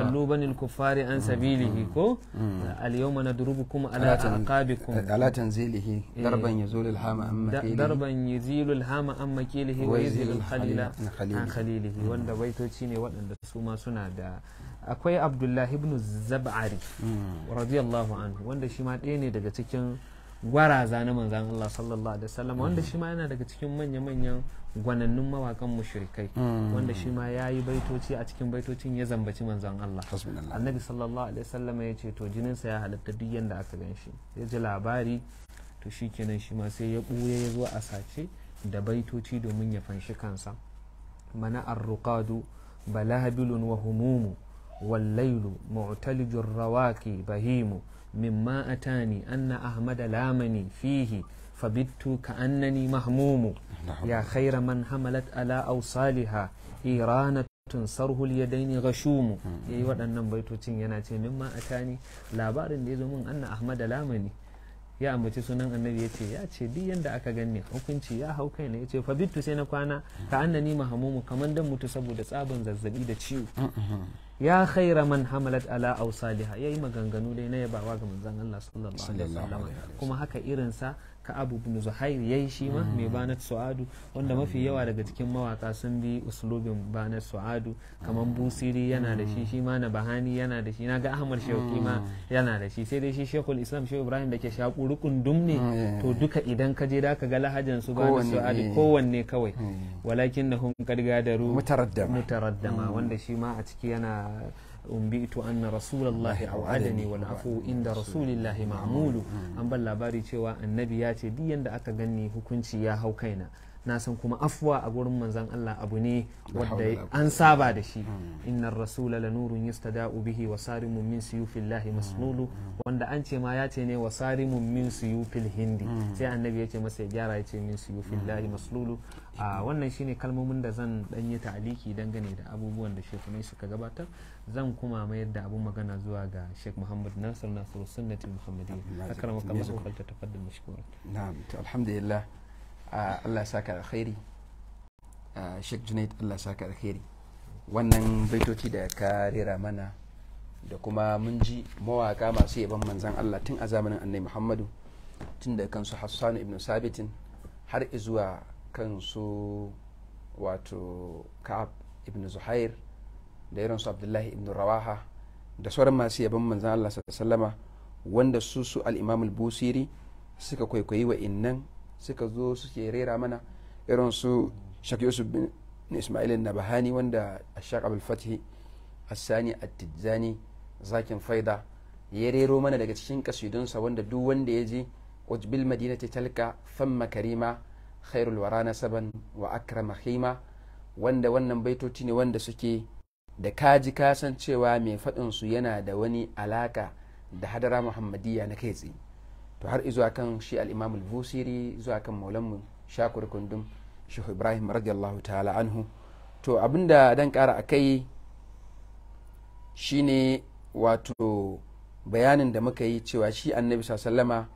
kallo banin kufari an mm, sabilihi mm, ko mm. alyawma nadrubukum ala aqabikum alatan zilihi darban yazulu alhama amma kilihi darban yazilu alhama amma kilihi wa yazilu alkhalila an khalilihi wanda baitoci ne waɗanda su ma suna da akwai abdullahi ibn zab'ari hmm. radiyallahu anhu wanda shi ma ɗaya ne daga cikin gwaraza na manzan Allah sallallahu alaihi wasallam wanda hmm. shi ma yana daga cikin manya-manyan gwanannun mawakan mushrikai hmm. wanda shi ma ya yi baitoci a cikin baitocin ya zambaci manzan Allah annabi sallallahu alaihi wasallam ya ce to jininsa ya halatta duk yanda aka gan shi ya ji labari to shi kenan shi ma sai ya ɓuya ya zo a sace da baitoci domin ya fanshi kansa mana arruqadu balahabilun wa humumu والليل معتلج الرواكي بهيم مما أتاني أن أحمد لامني فيه فبت كأنني مهموم نعم. يا خير من حملت على أوصالها إيرانة صره اليدين غشوم يا يود أن نبيت تين مما أتاني لا بارن أن أحمد لامني ya ambaci sunan annabi ya ce ya ce duk yadda aka ganni hukunci ya hau kai ne ya ce fabittu sai na kwana ka annani mahamumu kamar dan mutu saboda tsaban zazzabi da ciwo ya khaira man hamalat ala ausaliha ya yi maganganu dai na yabawa ga manzon Allah sallallahu alaihi wasallam kuma haka irinsa Ka abu bin zuhair yayi shi ma mai hmm. banat su'adu wanda mafi yawa daga cikin mawaka sun bi uslubin banat su'adu kamar hmm. busiri yana da shi hmm. shi ma na bahani yana da shi Na ga ahmad shauki ma yana da shi sai dai shi shekul islam shehu ibrahim da ke shaƙu rukun dumne to duka idan ka je da ga lahajan su banat su'adu eh. kowanne kawai walakin da hun kadgadaru mutaraddama wanda shi ma a ciki yana umbitu anna rasulullahi au'adani wani afu inda rasulillahi ma'mulu an ban labari cewa annabi ya ce duk yanda aka ganni hukunci ya hau kaina na san kuma afuwa a gurin manzan Allah abu ne wadda an saba da shi inna rasula la nurun yustada'u bihi wa su min lahi masnulu wanda an ce ma ya ce ne wa sarimun min suyufil hindi sai annabi ya ce masa ya gyara ya min suyufillahi masnulu a wannan shine kalmomin da zan dan yi ta'aliki dangane da abubuwan da ne suka gabatar zan kuma mayar da abun magana zuwa ga Sheikh Muhammad Nasir Nasir Sunnati Muhammadiyya akramaka kwalta ta tafaddal mashkura na'am to alhamdulillah Allah ya saka alkhairi shek Junaid Allah ya saka alkhairi wannan baitoci da ka rera mana da kuma mun ji mawaka masu yaban manzan Allah tun a zamanin Annabi Muhammadu tun da kansu Hassan ibn Sabitin har zuwa Kansu wato ka'ab ibn zuhair da irin abdullahi ibn rawaha da sauran masu yaban manzan allah sallama wanda su su al'imamul busiri suka kwaikwayi wa innan suka zo suke rera mana irin su shak yusuf bin ismail na bahani wanda ashaq abul Sani a Tijjani zakin faida ya rero mana daga cikin kasidunsa wanda duk wanda ya je ujbil madinati talka famma karima khairul wara nasaban wa akrama khima wanda wannan baitoci ne wanda suke da kaji kasan cewa mai faɗin su yana da wani alaka da hadara muhammadiyya na kai tsaye to har zuwa kan shi al'imamul busiri zuwa kan maulanmu shakur kundum shehu ibrahim radiyallahu ta'ala anhu to abinda dan kara akai shine wato bayanin da muka yi cewa shi annabi sallama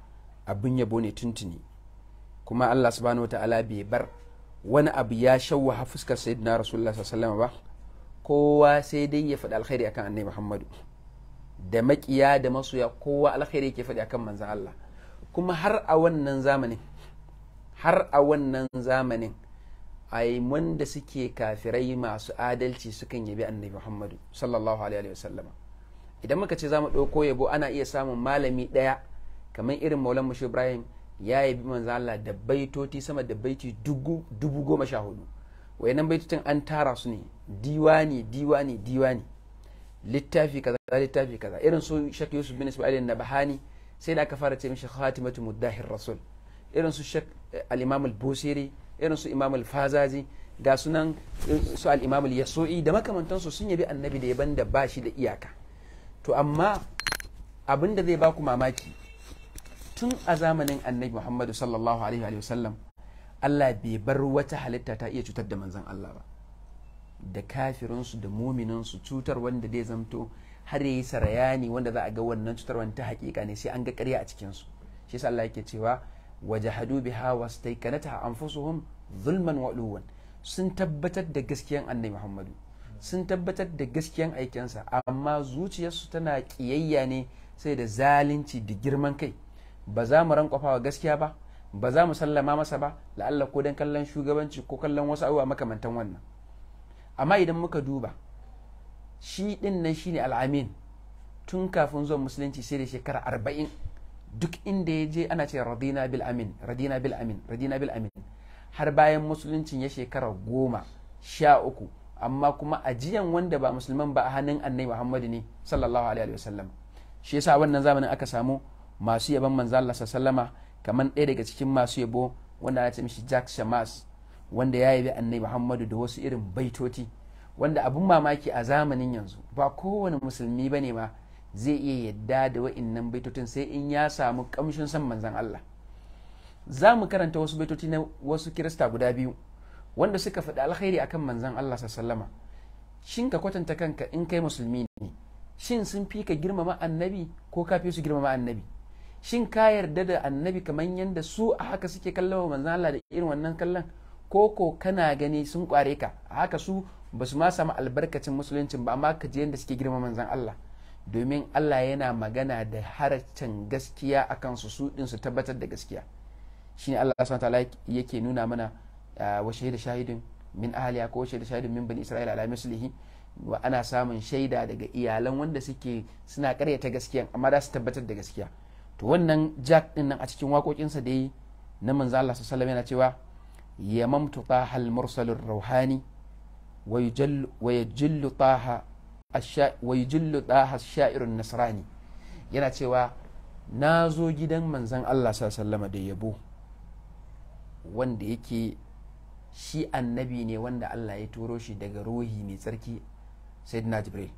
abin yabo ne tuntuni kuma Allah subhanahu ta'ala bai bar wani abu ya ha fuskar sayyidina rasulullah sallallahu alaihi wasallam ba kowa sai dai ya faɗi alkhairi akan annabi muhammadu da makiya da masoya kowa alkhairi yake faɗi akan manzan Allah kuma har a wannan zamanin har a wannan zamanin ai wanda suke kafirai masu adalci sukan yabi annabi muhammadu sallallahu alaihi wasallam idan muka ce za mu ɗauko yabo ana iya samun malami ɗaya kamar irin maulan mashi ibrahim ya yabi manzo Allah da baitoti sama da baiti dubu goma sha hudu wayannan baitotin an tara su ne diwani diwani diwani littafi kaza littafi kaza irin su shak yusuf bin isma'il na bahani sai da aka fara ce mishi khatimatu muddahir rasul irin su shak eh, al-imam busiri irin su imam al-fazazi ga sunan su al-imam yasui da makamantansu sun yabi annabi da yaban da bashi da iyaka to amma abin da zai baku mamaki tun a zamanin annabi muhammadu sallallahu alaihi wa sallam allah bai bar wata halitta ta iya cutar da manzan allah ba da kafirinsu da mumininsu cutar wanda zai zamto har yayi sarayani wanda za a ga wannan cutar wani ta hakika ne sai an ga karya a cikinsu shi yasa Allah yake cewa waje wajahadu biha wastaikanata hun zulman wa sun tabbatar da gaskiyan annabi Muhammadu sun tabbatar da gaskiyan aikinsa amma zuciyarsu tana kiyayya ne sai da zalunci da girman kai ba za mu rankwafawa gaskiya ba ba za mu sallama masa ba la'alla ko dan kallon shugabanci ko kallon wasu abubuwa makamantan wannan amma idan muka duba shi din nan shine al'amin tun kafin zuwan musulunci sai da shekara arba'in duk inda ya je ana ce radina bil amin radina bil amin radina bil amin har bayan musuluncin ya shekara goma sha uku amma kuma ajiyan wanda ba musulman ba a hannun annai muhammadu ne sallallahu alaihi wasallam shi yasa wannan zamanin aka samu masu yaban manzo Allah sallama kamar ɗaya daga cikin masu yabo wanda ya ce mishi Jack Shamas wanda ya yabi Annabi Muhammadu da wasu irin baitoti wanda abun mamaki a zamanin yanzu ba kowane musulmi bane ma zai iya yadda da wa'innan baitotin sai in ya samu kamshin san manzon Allah za mu karanta wasu baitoti na wasu kirista guda biyu wanda suka faɗi alkhairi akan manzon Allah sallama shin ka kwatanta kanka in kai musulmi ne shin sun fi ka girmama annabi ko ka fi su girmama annabi shin ka yarda da annabi kamar yadda su a haka suke kallon manzan Allah da irin wannan kallon ko ko kana gani sun kware ka a haka su ba su ma samu albarkacin musuluncin ba amma ka ji yadda suke girma manzan Allah domin Allah yana magana da haracin gaskiya a su su din su tabbatar da gaskiya shine Allah subhanahu wataala yake nuna mana wa shaida shahidin min ahliya ko shaida shahidin min bani isra'ila ala mislihi wa ana samun shaida daga iyalan wanda suke suna karyata gaskiya amma za su tabbatar da gaskiya to wannan jack din nan a cikin waƙoƙinsa da yi na manzo Allah sallallahu yana cewa yamamtu taha al-mursalur ruhani wa yajillu taha shairun nasrani yana cewa na zo gidan manzan Allah sallama da yabo wanda yake shi annabi ne wanda Allah ya turo shi daga ruhi mai tsarki sayyidina jibril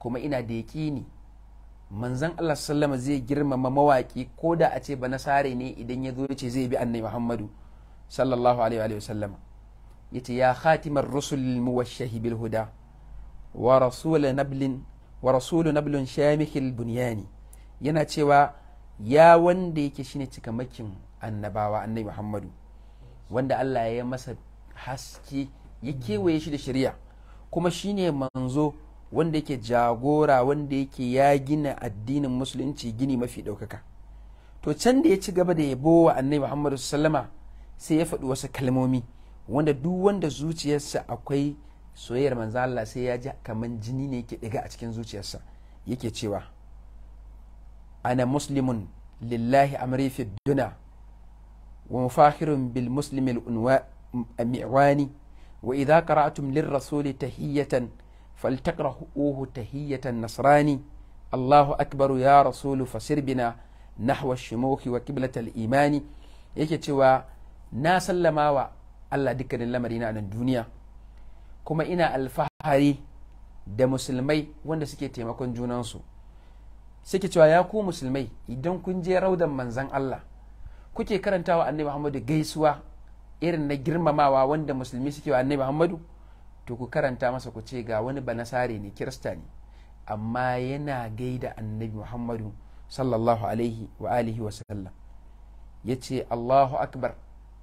kuma ina da yaƙini manzan Allah sallama zai girmama mawaƙi ko da a ce ba nasare ne idan ya zo ya ce zai bi annabi Muhammadu sallallahu alaihi wa sallama yace ya khatimar rusul muwashshahi bil huda wa rasul nablin wa rasul nablin shamikil bunyani yana cewa ya wanda yake shine cikamakin annabawa annabi Muhammadu wanda Allah ya masa haske ya kewaye shi da shari'a kuma shine manzo wanda yake jagora wanda yake ya gina addinin musulunci gini mafi ɗaukaka to can da ya ci gaba da yabo wa annabi muhammadu sallama sai ya faɗi wasu kalmomi wanda duk wanda zuciyarsa akwai soyayyar manzo Allah sai ya ji kaman jini ne yake ɗiga a cikin zuciyarsa yake cewa ana muslimun lillahi amri fi duna wa mufakhirun bil muslimil mi'wani wa idha qara'tum lirrasuli tahiyatan فلتقرأوه تهية النصراني الله أكبر يا رسول فسر بنا نحو الشموخ وقبلة الإيمان yake cewa na sallama wa Allah dukkanin lamari na nan duniya kuma ina alfahari da musulmai wanda suke taimakon junansu suke cewa ya ku musulmai idan kun je raudan manzan Allah kuke karantawa annabi Muhammadu gaisuwa irin na girmamawa wanda musulmi suke wa annabi Muhammadu to ku karanta masa ku ce ga wani banasare ne kirista ne amma yana gaida annabi muhammadu sallallahu alaihi wa alihi wa sallam ya ce allahu akbar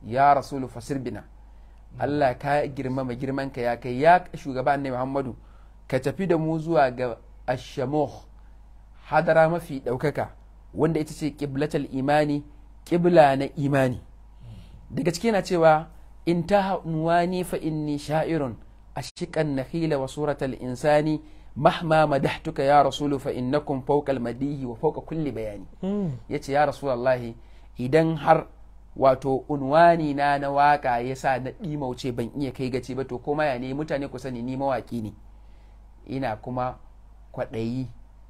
ya rasulu fasir bina allah ka girmama girmanka ya kai ya shugaba annabi muhammadu ka tafi da mu zuwa ga ashamuh hadara mafi ɗaukaka wanda ita ce ƙiblatal imani ƙibla na imani daga cike yana cewa in ta nuwani fa inni sha'irun ashiqan nakhila wa suratal insani mahma madahtuka ya rasulu fa innakum fawqa madihi wa fawqa kulli bayani yace ya rasulullahi idan har wato unwani na na waka yasa na dimauce ban iya kai gaci ba to koma ya ne mutane ku sani ni mawaki ne ina kuma kwaɗayi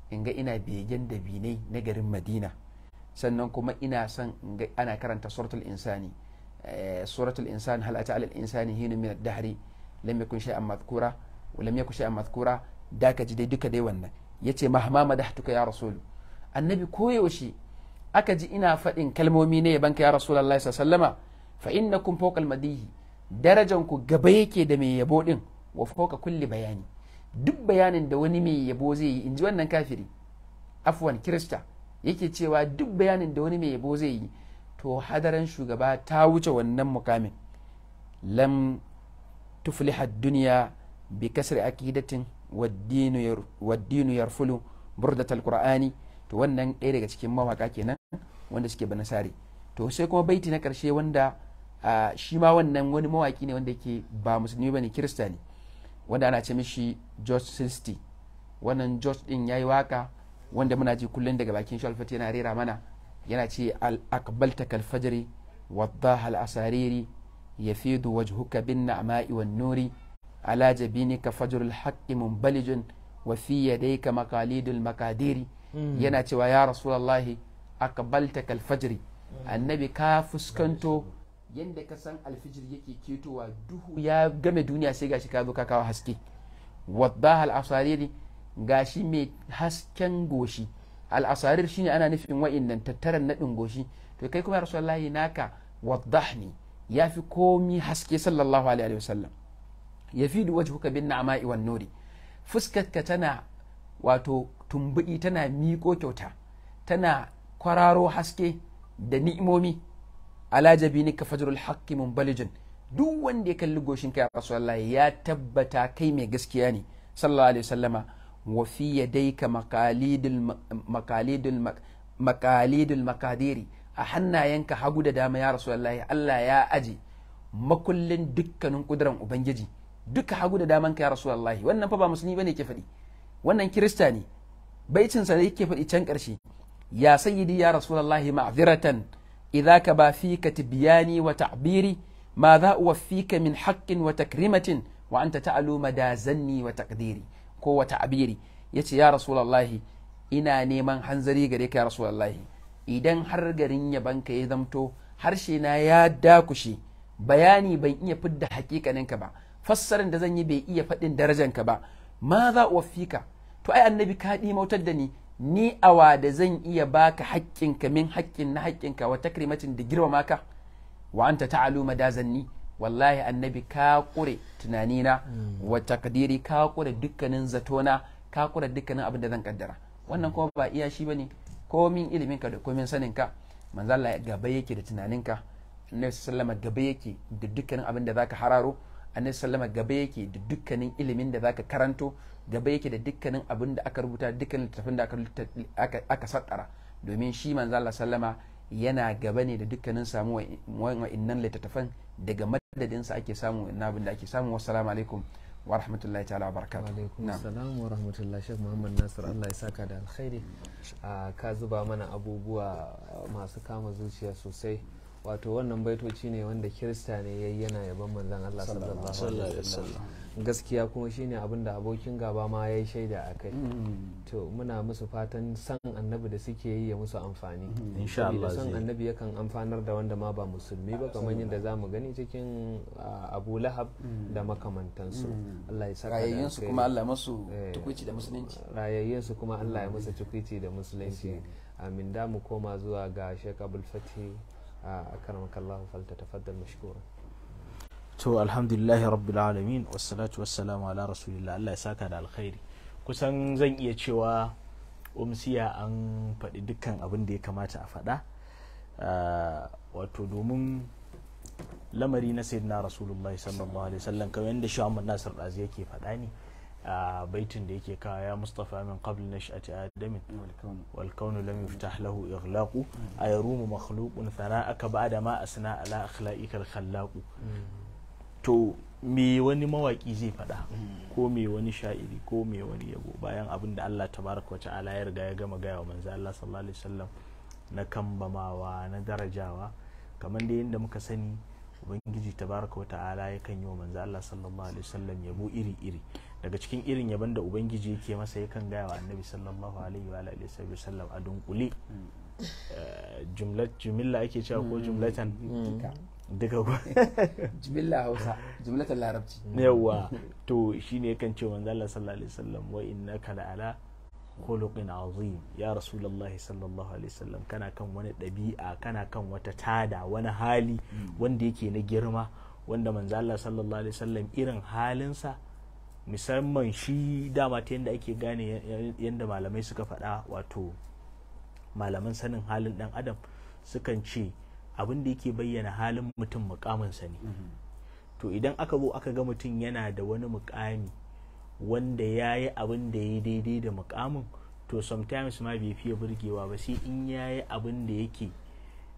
in ga ina begen dabinai na garin madina sannan kuma ina son ana karanta suratul insani suratul insani hal ata al insani hinu min ad-dahri lam yakun shay'an madhkura wa lam yakun shay'an madhkura da ka ji dai duka dai wannan yace mahma madahtuka ya rasul annabi koyaushe aka ji ina faɗin kalmomi ne ka ya rasulullahi sallama fa innakum fawqa almadihi darajan ku gaba yake da mai yabo din wa fawqa kulli bayani duk bayanin da wani mai yabo zai yi inji wannan kafiri afwan kirista yake cewa duk bayanin da wani mai yabo zai yi to hadaran shugaba ta wuce wannan mukamin lam tufliha duniya bi kasri akidatin waddinu yarfulu burdatal qur'ani to wannan ɗaya daga cikin mawaka kenan wanda suke banasari to sai kuma baiti na karshe wanda shi ma wannan wani mawaki ne wanda yake ba musulmi bane kirista ne wanda ana ce mishi George Silsty wannan George din yayi waka wanda muna ji kullun daga bakin shi yana rera mana yana ce al aqbalta kal fajri waddaha al asariri يفيد وجهك بالنعماء والنور على جبينك فجر الحق منبلج وفي يديك مقاليد المقادير yana cewa ya rasulallah aqbalta kal fajri annabi ka fuskanto yadda ka san alfijir yake ketowa duhu ya game duniya sai gashi ka zo ka kawo haske wadda al gashi mai hasken goshi al'asarir shine ana nufin nan tattaran nadin goshi to kai kuma rasulallahi naka ne ya fi komi haske sallallahu alaihi wasallam ya fi da wajhuka bin na'ama'i wan nuri fuskarka tana wato tumbuɗi tana miƙo kyauta tana kwararo haske da ni'imomi alajabi ni ka fajrul haqqi munbalijun duk wanda ya kalli goshin ka rasulullah ya tabbata kai mai gaskiya ne sallallahu alaihi wasallama wa fi yadayka maqalidul maqalidul maqalidul maqadiri a hannayenka hagu da dama ya rasulallah Allah ya aje makullin dukkanin kudiran ubangiji duka hagu da daman ka ya rasulallah. wannan fa ba musulmi bane ke faɗi wannan kirista ne baitin sa da yake faɗi can karshe ya sayyidi ya rasulullahi ma'ziratan idza ka ba fika tibyani wa ta'biri ma za uwaffika min haqqin wa takrimatin wa anta ta'lu madazanni wa taqdiri ko wa ta'biri yace ya rasulallah ina neman hanzari gare ka ya rasulallah. idan har garin ka ya zamto harshe na ya dakushe bayani ban iya fidda hakikaninka ba fassarin da zan yi bai iya faɗin darajanka ba ma za ka? to ai annabi ka mautar da ni ni awa da zan iya baka haƙƙinka min haƙƙin na haƙƙinka wata karimacin da girmama ka wa anta ta'alu ni wallahi annabi ka kure tunanina hmm. wa takdiri ka kure dukkanin zatona ka kure dukkanin abin da zan kaddara wannan kuma ba iya shi bane komin iliminka da komin saninka manzo Allah gaba yake da tunaninka annabi sallama gaba yake da dukkanin abin da zaka hararo annabi sallama gaba yake da dukkanin ilimin da zaka karanto gaba yake da dukkanin abin da aka rubuta dukkanin littafin da aka aka sattara domin shi manzo Allah sallama yana gaba ne da dukkanin samu wa'annan littattafan daga madadinsa ake samu na abin da ake samu wassalamu alaikum wa rahmatullahi ta'ala wa barakatuh wa alaikum assalam wa rahmatullahi shek muhammad nasir Allah ya saka da alkhairi ah, ka zuba mana abubuwa masu kama zuciya sosai wato wannan baitoci ne wanda kirista ne yi yana yaban manzan Allah sallallahu alaihi wasallam gaskiya kuma shine abin da abokin gaba ma yi shaida a kai mm. to muna musu fatan san annabi da suke yi ya musu amfani mm. insha Allah san annabi yakan amfanar da wanda ma ba musulmi ba kamar yadda mu gani cikin Abu Lahab mm. da makamantansu Allah ya saka su kuma Allah masu eh. tukuici da musulunci rayayyen su kuma Allah ya musu tukuici da musulunci amin da mu koma zuwa ga Sheikh Abdul Fatih أكرمك الله فلتتفضل مشكورا to alhamdulillahi rabbil alamin wassalatu wassalamu ala rasulillah Allah ya saka da alkhairi kusan zan iya cewa umsiya an faɗi dukkan abin da ya kamata a faɗa wato domin lamari na sayyidina rasulullahi sallallahu alaihi wasallam kamar yadda shi Ahmad Nasir Dazi yake faɗa ne a baitin da yake kawo ya mustafa min qabl nash'ati adamin wal kaunu lam yuftah lahu ighlaqu ayrumu makhluqun thana'aka ba'da ma asna ala akhlaqika al khallaqu to me wani mawaki zai faɗa ko me wani sha'iri ko me wani yabo bayan abin da Allah tabaraka ala ya riga ya gama gaya wa manzo Allah sallallahu alaihi wasallam na kambamawa na darajawa kamar da yadda muka sani ubangiji tabaraka wata'ala ya kan yi wa manzo Allah sallallahu alaihi wasallam yabo iri iri daga cikin irin yaban da ubangiji yake masa yakan gaya wa annabi sallallahu alaihi wa alihi wasallam a dunkule eh, jumla ake cewa ko hmm. jumlatan duka ko jumla hausa jumlatan larabci yawa to shine yakan ce manzo Allah sallallahu alaihi wasallam wa innaka ko khuluqin azim ya rasulullahi sallallahu alaihi wasallam kana kan wani dabi'a kana kan wata tada wani hali hmm. wanda yake na girma wanda manzo Allah sallallahu alaihi wasallam irin halinsa musamman shi dama ta yadda ake gane yadda malamai suka faɗa wato malaman sanin halin ɗan adam sukan ce abin da yake bayyana halin mutum mukaminsa ne mhm. to idan aka zo aka ga mutum yana da wani mukami wanda ya yi abin da ya daidai da mukamin to sometimes ma bai fiye burgewa ba sai in ya yi abin da yake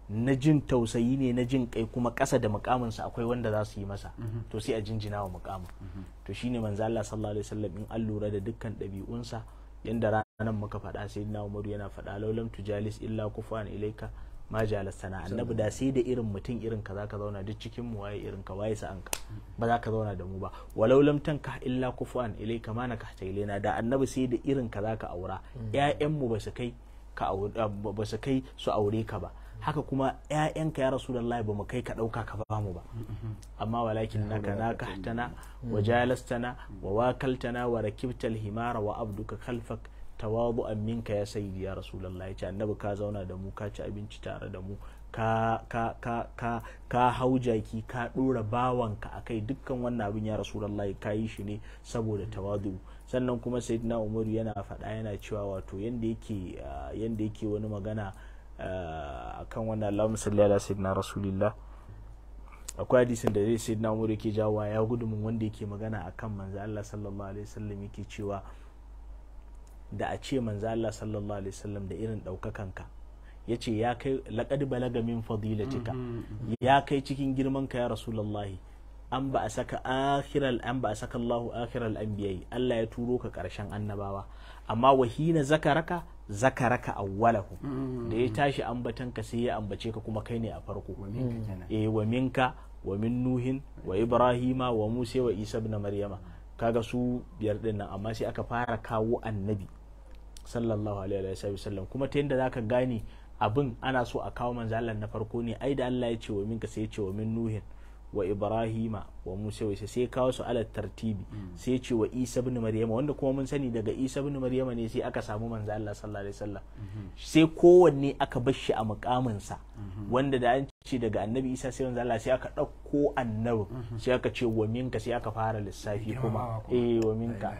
na jin tausayi ne na jin kai kuma ƙasa da mukaminsa akwai wanda za su yi masa mhm. to sai a jinjina wa mukamin mhm. to shine manzo Allah sallallahu alaihi wasallam in an lura da dukkan ɗabi'unsa yanda ranan muka faɗa sai na Umaru yana faɗa laulam tujalis illa kufan ilayka ma jalastana annabi da sai da irin mutum irin ka zaka zauna duk cikin mu waye irin ka waye anka mhm. ba zaka zauna da mu ba walau lam tanka illa kufan ilayka ma naka ilaina da annabi sai da irin ka zaka aura ƴaƴan mu ba su kai ka ba su kai su aure ka ba haka kuma ya'yanka ya rasulullahi ba mu kai ka ɗauka ka ba mu ba amma walakin naka nakahtana wa hmm. jalastana wa wakaltana wa rakibtal himara wa abduka khalfak tawadu'an minka ya sayyidi ya rasulullahi ya ce annabi ka zauna da mu ka ci abinci tare da mu ka hau jaki ka ɗora bawanka a kai dukkan wannan abin ya rasulullahi ka yi shi ne saboda tawadu sannan kuma sayyidina umaru yana faɗa yana cewa wato yanda yake ah, wani magana Eh, akan wannan Allahumma salli ala sayyidina rasulillah akwai hadisin da zai sayyidina Umar yake jawo ya gudu mun wanda yake magana akan manzo Allah sallallahu alaihi wasallam yake cewa da a ce manzo Allah sallallahu alaihi wasallam da irin daukakanka ka yace ya kai laqad balaga min fadilatika mm-hmm. ya kai cikin girman ka ya rasulullahi an ba a saka akhiral an ba a saka Allahu akhiral anbiya Allah ya turo ka karshen annabawa amma wahina zakaraka zakaraka awwalahu mm, mm, mm. da ya tashi ambatan ka sai ya ambace ka kuma kai ne a farko e wa minka wa min nuhin wa ibrahima wa musa wa isa ibn maryama kaga su biyar din nan amma sai aka fara kawo annabi sallallahu alaihi wa sallam kuma ta yadda zaka gane abin ana so a kawo manzo Allah na farko ne ai da Allah ya ce wa minka sai ya ce wa min nuhin wa ibrahima wa musa wai sai kawo su ala tartibi mm. sai ce wa isa ibn maryama wanda kuma mun sani daga isa ibn maryama ne sai aka samu manzo Allah sallallahu alaihi wasallam mm-hmm. sai kowanne aka bar shi a mukamin sa mm-hmm. wanda da an ce daga annabi isa sai manzo Allah sai aka dauko annabi mm-hmm. sai aka ce wa minka sai aka fara lissafi kuma eh wa minka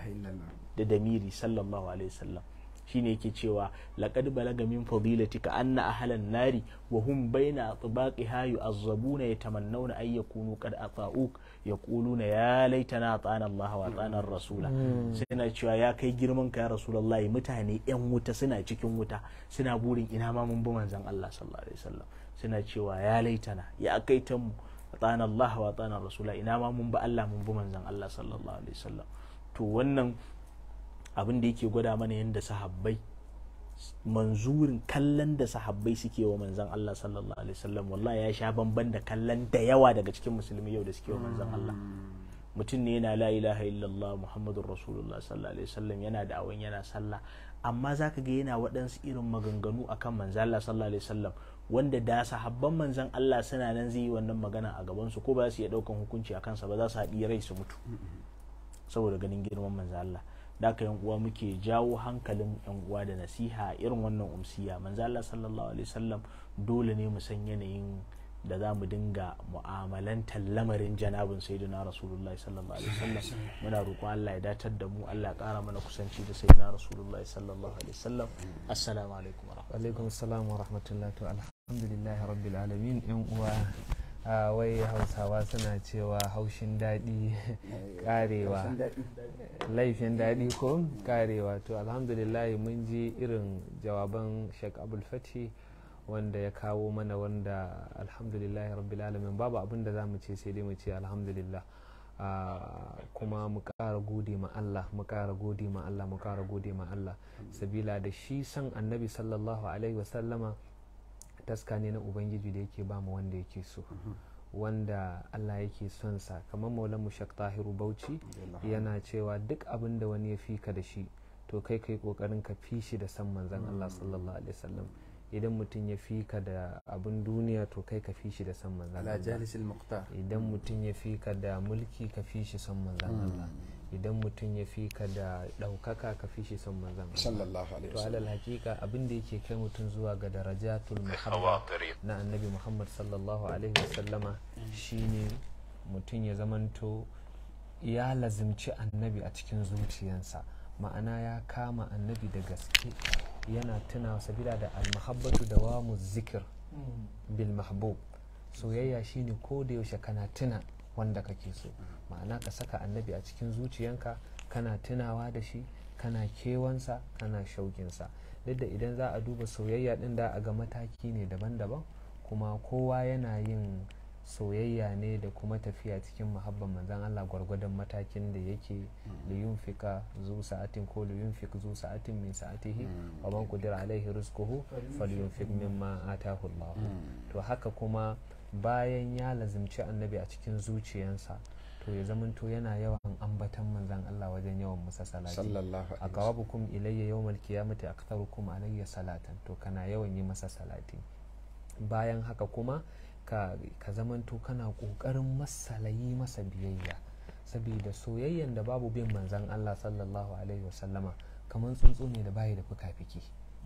da damiri sallallahu alaihi wasallam shine yake cewa laqad balaga min fadilatika anna ahlan nari wa hum baina hayu yu'azzabuna yatamannawna ay yakunu qad afa'u yaquluna ya laitana atana Allah wa atana rasula hmm. suna cewa ya kai girman ka ya rasulullahi mutane yan wuta suna cikin wuta suna burin ina ma mun bi manzon Allah sallallahu alaihi wasallam suna cewa ya laitana ya kai ta mu atana Allah wa atana rasula ina ma mun bi Allah mun bi manzon Allah sallallahu alaihi wasallam to wannan abin da yake gwada mana yadda sahabbai manzurin kallon da sahabbai suke wa manzan Allah sallallahu alaihi wasallam wallahi ya sha bamban da kallon da yawa daga cikin musulmi yau da suke wa manzan Allah mutum ne yana la ilaha illallah muhammadur rasulullah sallallahu alaihi wasallam yana da awon yana sallah amma zaka ga yana waɗansu irin maganganu akan manzan Allah sallallahu alaihi wasallam wanda da sahabban manzan Allah suna nan zai yi wannan magana a gaban su ko ba su iya daukan hukunci a kansa ba za su haɗi rai su mutu saboda ganin girman manzan Allah daka yan uwa muke jawo hankalin yan uwa da nasiha irin wannan umsiya manzo Allah sallallahu alaihi wasallam dole ne mu san yanayin da za mu dinga mu'amalantar lamarin janabin sayyidina rasulullahi sallallahu alaihi wasallam muna roƙon Allah ya datar da mu Allah ya ƙara mana kusanci da sayyidina rasulullahi sallallahu alaihi wasallam assalamu alaikum wa rahmatullahi wa alaikum wa rahmatullahi wa alhamdulillahi rabbil alamin yan uwa wai hausawa suna cewa haushin daɗi karewa eh, laifin daɗi ko karewa to alhamdulillah mun ji irin jawaban shek abulfati wanda ya kawo mana wanda alhamdulillah rabbil alamin babu abin da za mu ce sai dai mu ce alhamdulillah kuma mu ƙara gode ma Allah mu ƙara gode ma Allah mu ƙara gode ma Allah sabila da shi san annabi sallallahu alaihi wasallama taska ne na ubangiji da yake ba mu wanda yake so mhm. wanda Allah yake son sa kamar maulan mushak tahiru bauchi yana cewa duk abin da wani ya fika ka da shi to kai kai kokarin ka fi shi da san manzon Allah mm. sallallahu alaihi wasallam idan mutum ya fi da abin duniya to kai ka fi shi da san manzon Allah idan mutum ya fi da mulki ka fi shi san manzon mm. Allah idan mutum ya fi ka da ɗaukaka ka fi shi son manzan to alal hakika abin da yake kai mutum zuwa ga darajatul muhabba na annabi muhammad sallallahu alaihi wasallama shine mutum ya zamanto ya lazimci annabi a cikin zuciyarsa ma'ana ya kama annabi da gaske yana tuna sabila da almahabbatu da wamu zikir mm. bil mahbub soyayya shine ko da yaushe kana tuna wanda kake so ma'ana ka saka annabi a cikin zuciyanka kana tunawa da shi kana kewansa kana shauƙinsa duk da idan za a duba soyayya din da a ga mataki ne daban-daban kuma kowa yana yin soyayya ne da kuma tafiya cikin muhabban manzan Allah gwargwadon matakin da yake mm. liyun fika zu sa'atin ko liyun fik zu sa'atin min sa'atihi mm. wa man qadira alaihi rizquhu falyunfik mimma atahu Allah mm. to haka kuma bayan ya lazimci annabi a cikin zuciyansa to ya zamanto yana yawan ambatan manzan Allah wajen yawan musa salati a kawabu aqrabukum ilayya a qiyamati kuma alayya salatan to kana yawan yi masa salati bayan haka kuma ka ka zamanto kana kokarin masalayi masa biyayya saboda soyayyan da babu bin manzan Allah sallallahu alaihi wasallama kamar tsuntsu ne da bayi da fuka-fiki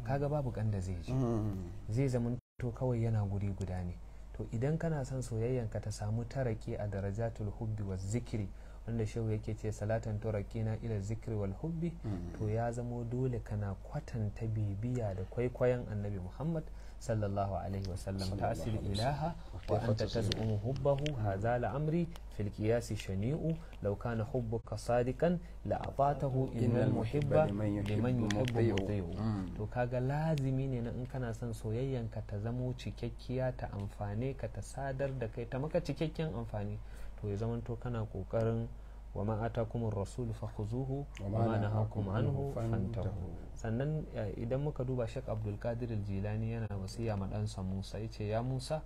kaga babu kanda zai ji mm. zai zamanto kawai yana guri guda ne to idan kana son soyayyanka ta samu taraki a darajatul hubbi wa zikiri wanda shehu yake ce salatan na ila zikiri wal hubbi mm. to ya zamo dole kana kwatanta bibiya da kwaikwayon annabi muhammad sallallahu alaihi wasallam tasir ilaha wa anta taz'umu hubbahu hadha al-amri shani'u law kana hubbuka sadiqan la atatahu innal muhibba liman yuhibbu muti'u mm. to kaga lazimi ne na in kana son soyayyanka ta zamo cikakkiya ta amfane ka ta sadar da kai ta maka cikakken amfani to ya zamanto kana kokarin wa ma atakumur rasul fakhuzuhu wa ma nahakum anhu fantahu sannan idan muka duba shek Abdul Qadir Jilani yana wasiya ma dan musa ya ce ya Musa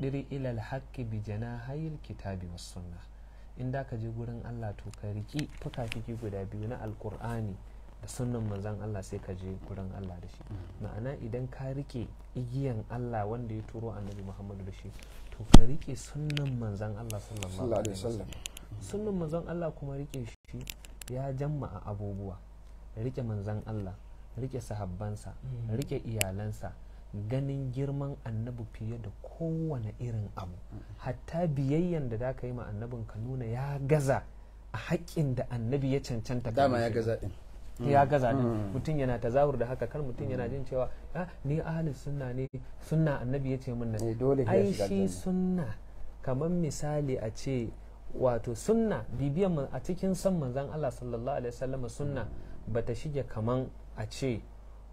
ɗiri ilal haqqi bi janahayil kitabi was sunna in da ka je gurin Allah to ka riki fuka-fiki guda biyu na alkur'ani da sunnan manzan Allah sai ka je gurin Allah da shi ma'ana idan ka riƙe igiyan Allah wanda ya turo annabi Muhammadu da shi to ka riƙe sunnan manzan Allah sallallahu alaihi wasallam sunan manzon Allah kuma rike shi ya a abubuwa rike manzon Allah rike sahabbansa mm. rike iyalansa ganin girman annabi fiye da kowane irin abu hatta biyayyan da zaka yi ma annabin ka nuna ya gaza a haƙƙin da annabi ya cancanta dama ya gaza din ya mm. gaza din mm. mutum yana tazahur da haka kar mutum yana jin cewa ah, ni ahli sunna ne sunna annabi ya ce min eh, ai shi sunna kamar misali a ce wato sunna bibiyan a cikin san manzan Allah sallallahu alaihi wasallam sunna bata shige kaman a ce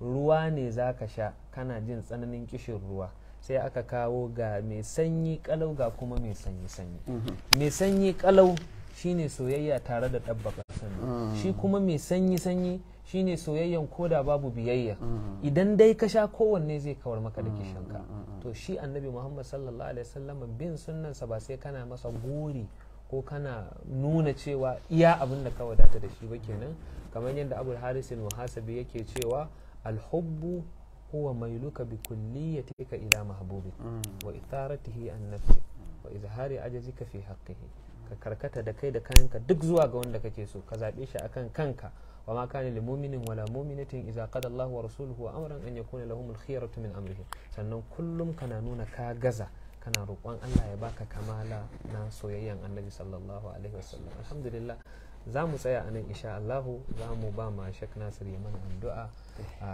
ruwa ne za ka sha kana jin tsananin kishin ruwa sai aka kawo ga mai sanyi kalau ga kuma mai sanyi sanyi mhm. mai sanyi kalau shine soyayya tare da dabbaka mhm. shi kuma mai sanyi sanyi shine soyayyan koda babu biyayya mhm. idan dai ka sha kowanne zai kawar maka da kishin ka. to shi annabi muhammad sallallahu alaihi wasallam bin sunnansa ba sai kana masa gori ko kana nuna cewa iya abin da ka wadata da shi ba kenan kamar yadda abul harisun muhasabi yake cewa alhubbu huwa mailuka bi kulliyatika ila mahbubi mm. wa itharatihi an nafsi wa izhari ajzika fi haqqihi ka karkata da kai da kanka duk zuwa ga wanda kake so ka zabe shi akan kanka wa ma kana lil mu'minin wala mu'minatin idza qada Allahu wa rasuluhu amran an yakuna lahumul khiyaratu min amrihim sannan kullum kana nuna ka gaza kana roƙon Allah ya baka kamala na soyayyan annabi sallallahu alaihi wasallam alhamdulillah za mu tsaya a nan isha Allahu za mu ba ma shek Nasir mana addu'a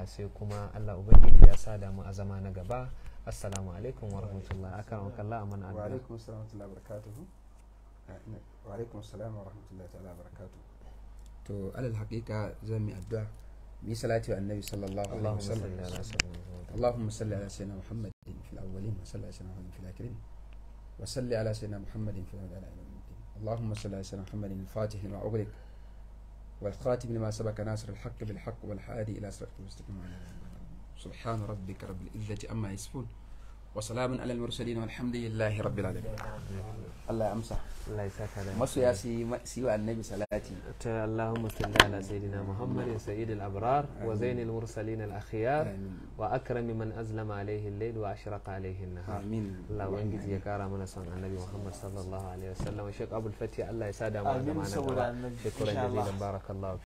sai kuma Allah ubangiji ya sada mu a zama na gaba assalamu alaikum wa rahmatullah kan wakalla a mana addu'a wa alaikum salam wa rahmatullahi barakatuhu wa alaikum wa barakatuhu to alal zan mi addu'a بصلاتي النبي صلى الله عليه وسلم اللهم صل على سيدنا محمد في الأولين وصل على سيدنا محمد في الآخرين وصل على سيدنا محمد في الأولين اللهم صل على سيدنا محمد الفاتح لما أغلق والخاتم لما سبق ناصر الحق بالحق والحادي إلى صراط المستقيم سبحان ربك رب العزة عما يصفون wa salamun alal mursalin walhamdulillahi rabbil alamin Allah ya amsa Allah ya saka da salati ta Allahumma salli ala sayidina Muhammadin sayyidil abrar wa zainil mursalin al wa akrami man azlama alaihi al-layl wa ashraqa ya kara mana son annabi Muhammad sallallahu alaihi Abdul Allah ya da ma'ana shukran jazilan